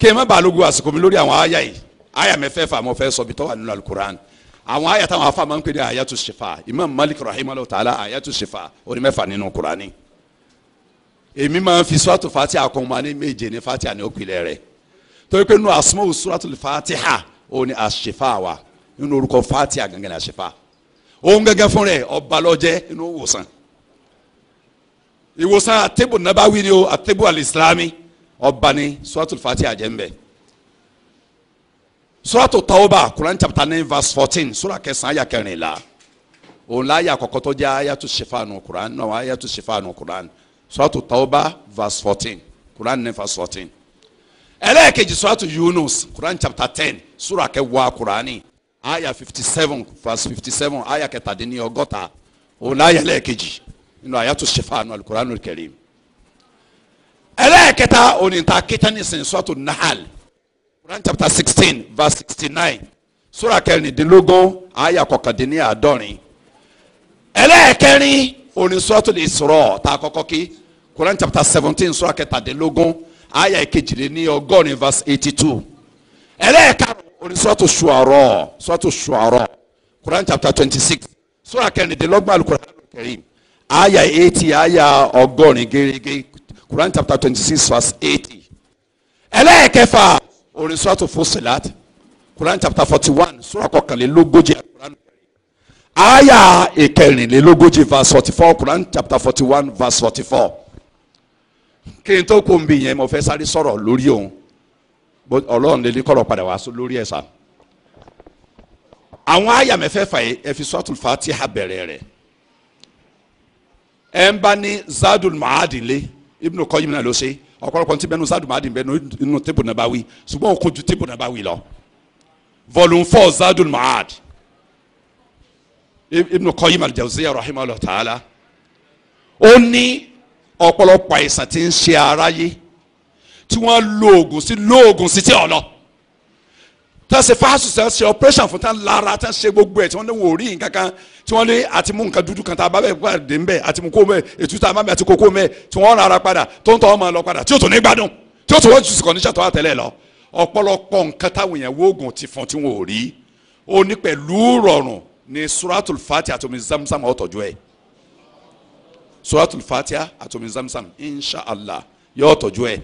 kí n má bàa lógun àsìkò mi lórí àwọn àyà yìí àyà mi fẹ́ fà mo fẹ́ sọ bí tọ́wà nínú alukur'an àwọn àyà táwọn afa máa ń pè ní àyà tó Imam Malik rahimahullah ta'ala àyà tó ṣèfà onímẹ́fà nínú kur'ani èmi máa ń fi suratu fatiha kan máa ní méje ní fatiha ní òpìlẹ̀ rẹ̀ torí pé nínú asmau suratu fatiha ó ní àṣefà wa nínú orúkọ fatiha gangan ní àṣefà òun gangan fún rẹ̀ ọba lọ́jẹ́ inú wòsàn ìwòsàn àtẹ́bù nabawi ni o àtẹ́bù alìsílámì ọba ní suratu fatiha jẹ́ ń suratu tawba Quran chapter nine verse fourteen sura kẹsàn-án ayà kẹrìnlá òun láyà kọ̀kọ́tọ́jà ayatu shifa nù Quran náà ayatu shifa nù Quran. No, suratu tawba verse fourteen quran ní verse fourteen ẹlẹ́ẹ̀kejì suratu yunus quran chapter ten sura kẹwàá qurani aya fifty seven verse fifty seven aya kẹtàdínlọ́gọ́ta òun láyà ẹlẹ́ẹ̀kejì nínú ayatu shifa nínú alukuranu karim ẹlẹ́ẹ̀kẹta oníta kẹtànísìn suratu nahal quran chapter sixteen verse sixty nine sura kẹrìndínlógún aya kọkàndínláàdọ́rin ẹlẹ́ẹ̀kẹrin oní suratu isra tá a kọ́kọ́ kí. Quran chapter seventeen sura kẹtàdínlógún aya ìkejìléní ọgọ́rin verse eighty two ẹlẹ́ẹ̀karùn-ún oní suratu Shu'ara suratu Shu'ara Quran chapter twenty six sura kẹrìndínlọ́gbọ̀n al-Quran al-Karim aya eighty aya ọgọ́rin gẹ́gẹ́ Quran chapter twenty six verse eighty ẹlẹ́ẹ̀kẹfà oní suratu Fussilat Quran chapter forty one sura kọkànlélógójì al-Quran aya ìkẹrìnlélógójì verse forty four Quran chapter forty one verse forty four kí n tó kó n bì yẹn mo fẹ́ sáré sọ̀rọ̀ lórí òun ọlọ́run lè ní kọ̀rọ̀ padà wá lórí ẹ̀ sá. àwọn àyà mẹ́fẹ́ fà yìí ẹ fi sọ́tún Fatiha bẹ̀rẹ̀ rẹ̀ ẹ ń bá ní Zadul Ma'ad lé Ibn Qayyim náà ló ṣe ọ̀pọ̀lọpọ̀ ti bẹnu Zadul Ma'ad bẹnu inú Tibu Nabawi ṣùgbọ́n òkun ju Tibu Nabawi lọ volume four Zadul Ma'ad Ibn Qayyim al-Jawziyya rahimahullah ta'ala ó ní ọ̀pọ̀lọpọ̀ àìsàn tí ń ṣe aráyé tí wọ́n lo oògùn sí lo oògùn sí tí ò lọ tán ṣe fásitì tán ṣe operation fún tán lára tán ṣe gbogbo ẹ̀ tí wọ́n lé wọn ò rí nǹkan kan tí wọ́n lé àti mú nǹkan dúdú kan tá a bá bẹ̀ pàdé ńbẹ̀ àti mú kó mẹ́ ètú tá a má bẹ̀ àti kókó mẹ́ tí wọ́n rà ara padà tó ń tọ́ ọmọ lọ padà tí ó tún ní gbádùn tí ó tún wọ́n jù sùkọ́ tó wà tẹ́lẹ̀ lọ ọ̀pọ̀lọpọ̀ nǹkan táwọn èèyàn wóògùn ti fún tí wọn ò rí ó ní pẹ̀lú rọrùn ní suratul fati àti omi zamzam ọ̀tọ̀jú ẹ̀ suratul fatiha àtòmí zamzam inshallah yóò tọ́jú ẹ̀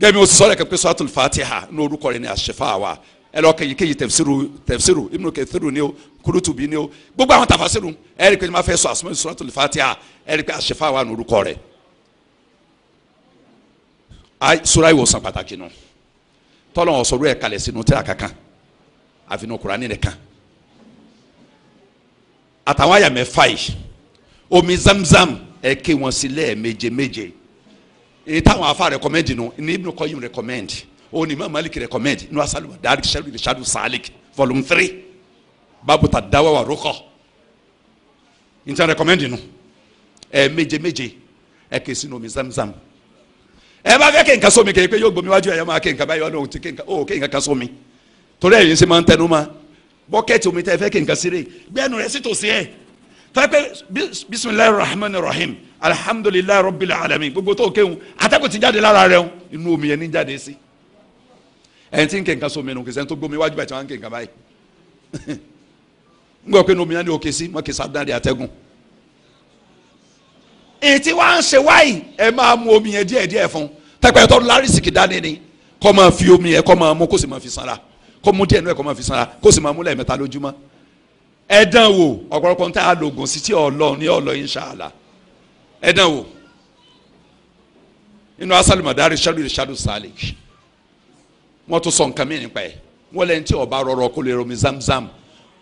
gẹ́gẹ́ bí mo sọ̀rọ̀ kẹ́kẹ́ suratul fatiha ní orúkọ rẹ̀ ní àṣẹfà wa ẹ lọ kẹyìn kẹyìn tẹfsiru tẹfsiru ibnu kẹthiru ni o kurutubi ni o gbogbo àwọn tafasiru ẹ rí i pé ní ma fẹ́ sọ àsomọ́ suratul fatiha ẹ rí i pé àṣẹfà wa ní orúkọ rẹ̀ sura ìwòsàn pàtàkì nù tọ́lọ̀ ọ̀sọ̀rọ̀ ẹ̀ kalẹ̀ sínú tẹ́lá kankan àfinú kùránì nìkan àtàwọn àyà yìí omi zamzam ẹ ké wọn sí lẹ́ẹ̀méje méje èyí táwọn afa rẹkọmẹ́ndì nù ní Ibn Qayyim rẹkọmẹ́ndì ó ní Imam Malik rẹkọmẹ́ndì ní asalu dari sẹ́lu rishadu salik volume three babu tadawa wa rukọ n tẹ rẹkọmẹ́ndì nù ẹ̀ẹ̀méje méje ẹ ké sínú omi zamzam ẹ bá fẹ́ kí nǹkan sómi kẹ́ ẹ pé yóò gbomi wájú ẹ̀yọ́ máa kí nǹkan báyọ̀ ọ̀nà òun ti kí nǹkan ó kí nǹkan kan sómi torí ẹ̀yin sì máa ń tẹnu ma bọ́kẹ́tì omi tẹ́ fẹ́ kí nǹkan sí rè gbẹ́nu rẹ̀ sì tòsí ẹ̀ tọ́pẹ́ bisimilayi rahman rahim alihamudulilayi rabbil alamin gbogbo tó kéwòn atẹ́kùn ti jáde lára rẹ̀ inú omi yẹn ní jáde sí ẹ̀yìn tí ń kẹ̀ nǹkan sómi nù kìsẹ́ tó gbómi wájú bàtí wọn ń nǹkan báyìí ń pé inú omi yẹn ní òkè sí mọ́ kì í atẹ́gùn èyí tí wọ́n á ń ṣe wáyìí ẹ máa mu omi yẹn díẹ̀ díẹ̀ fún tọ́pẹ́ tó lárísìkì dání ni kọ́ máa fi omi yẹn kọ́ máa mú kó sì máa fi sanra kọ́ mú díẹ̀ nú kọ́ máa fi sanra kó sì máa mú lẹ́ẹ̀mẹ́ta lójúmọ́ ẹ dán wò ọ̀pọ̀lọpọ̀ ń tá a lògùn sí tí ọlọ ní ọlọ inṣàlá ẹ dán wò nínú asálù mọ̀dárí ṣáàlù ìṣáàlù sálẹ̀ wọ́n tún sọ nǹkan mìíràn nípa ẹ̀ wọ́n lẹ́yìn tí ọba rọrọ kó lè romi zamzam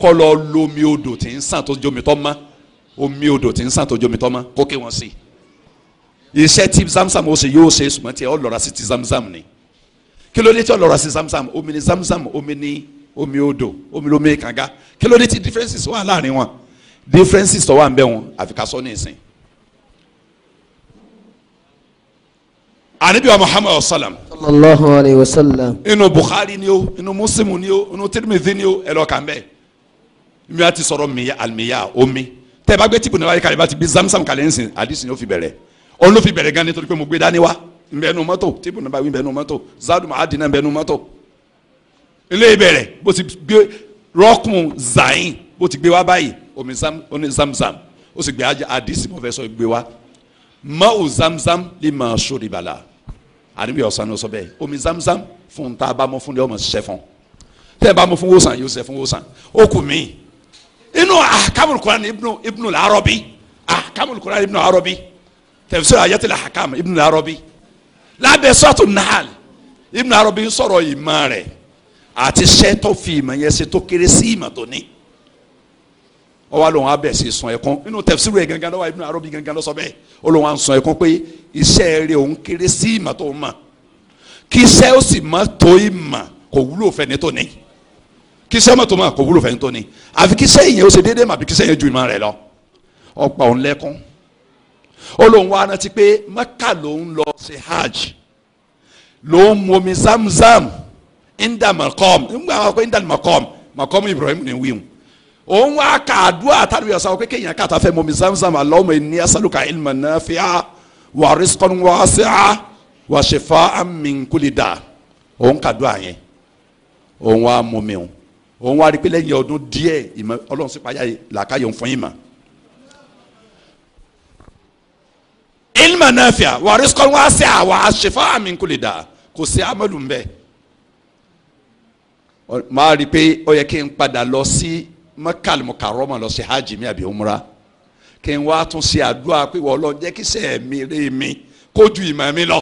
kọ́ lọ lomi odò tí ń sàn tó jomi tọ́ mọ́ omi odò tí ń sàn tó jomi tọ́ mọ́ kó ké wọn sí i iṣẹ́ tí zamzam ó ṣe yóò ṣe é sùmọ́ tí ọ lọ́ra sí ti zamzam ni kí ló dé tí ọ lọ́ra sí zamzam omi ni zamzam omi ni omi odò omi lomi kànga kí ló dé tí differences wà láàrin wọn differences tó wà ń bẹ wọn àfi ká sọ ní ìsìn. anabi wa muhammad wa sallam. sallallahu alayhi wa sallam. inú bukhari ni o inú muslim ni o inú tirmidhi ni o ẹ lọ kàn mi a ti sọ̀rọ̀ miya almiya, omi tẹ bá gbé tìbùnà wáyé kalẹ̀ bá ti bí zamzam kalẹ̀ ń sìn àdìsí ni ó fi bẹ̀rẹ̀ òun ló fi bẹ̀rẹ̀ gan nítorí pé mo gbé dání wa nbẹnu mọ́tò tìbùnà bá wí nbẹnu mọ́tò zaduma adina nbẹnu mọ́tò ilé ìbẹ̀rẹ̀ bó ti gbé rọ́kùn zayin bó ti gbé wá báyìí omi oní zamzam ó sì gbé àdìsí mo fẹ́ sọ gbé wá mọ́ọ̀ zamzam lè máa sórí bàlá àdìbí ọ̀sán ni ó sọ bẹ́ẹ̀ omi zamzam fún tá a bá mọ́ fún ni ọmọ ṣiṣẹ́ fún tẹ́ ẹ bá mọ́ fún wòsàn yóò ṣiṣẹ́ fún wòsàn ó kù mí inú akamul Quran ibnu ibnu làárọ̀bí akamul Quran ibnu laarobi, làárọ̀bí tafsir la ahkam ibnu laarobi, lábẹ́ sọ́ọ̀tù nahal ibnu laarobi sọ̀rọ̀ ìmọ̀ rẹ̀ àti iṣẹ́ tó fi ìmọ̀ yẹn ṣe tó kéré sí ìmọ̀ tó ní wọ́n wá lóun á bẹ̀ sí sun ẹ̀kún nínú tẹ̀síwò yẹn gangan lọ́wọ́ Ibn Arabi gangan lọ́sọ bẹ́ẹ̀ ó lóun á sun ẹ̀kún pé iṣẹ́ rẹ̀ òun kéré sí ìmọ̀ tó mọ̀ kí iṣẹ́ ó sì mọ̀ tó ìmọ̀ kò wúlò fẹ́ni tó ní kí iṣẹ́ mọ̀ tó mọ̀ kò wúlò fẹ́ni tó ní àfi kí iṣẹ́ yẹn ó ṣe déédéé mà àfi kí iṣẹ́ yẹn ju ìmọ̀ rẹ̀ lọ ọ̀pọ̀ òun lẹ́kún ó lóun wá rántí pé Mẹ́kà lòun lọ ṣe hajj lòun mu omi zamzam inda makom nígbà wọn kọ inda makom makom ibrahim ni wíwù òun wá kàdúrà tàbí ọ̀sán òkè kéèyàn kàtà fẹ́ mọ̀mí zamzam allahumma inni as'aluka ilman nafi'a wa rizqan wasi'a wa shifa'an min da òun kàdúrà yẹn òun wá mọ̀mí o òun wá rí pé lẹ́yìn ọdún díẹ̀ ìmọ̀ ọlọ́run sì payá làákàyọ̀ fún yín mà. ilman nafi'a wa rizqan wasi'a wa shifa'an min da kò sí amadu mbẹ́ẹ́ máa rí i pé ó yẹ kí n padà lọ sí mọ́kàlì mọ́kàrọ́mọ́ lọ sí hajj mi àbí umra kí n wá tún ṣe àdúrà pé wọ́n lọ jẹ́ kí sẹ́ẹ̀mí rí mi kó ju ìmọ̀ mi lọ.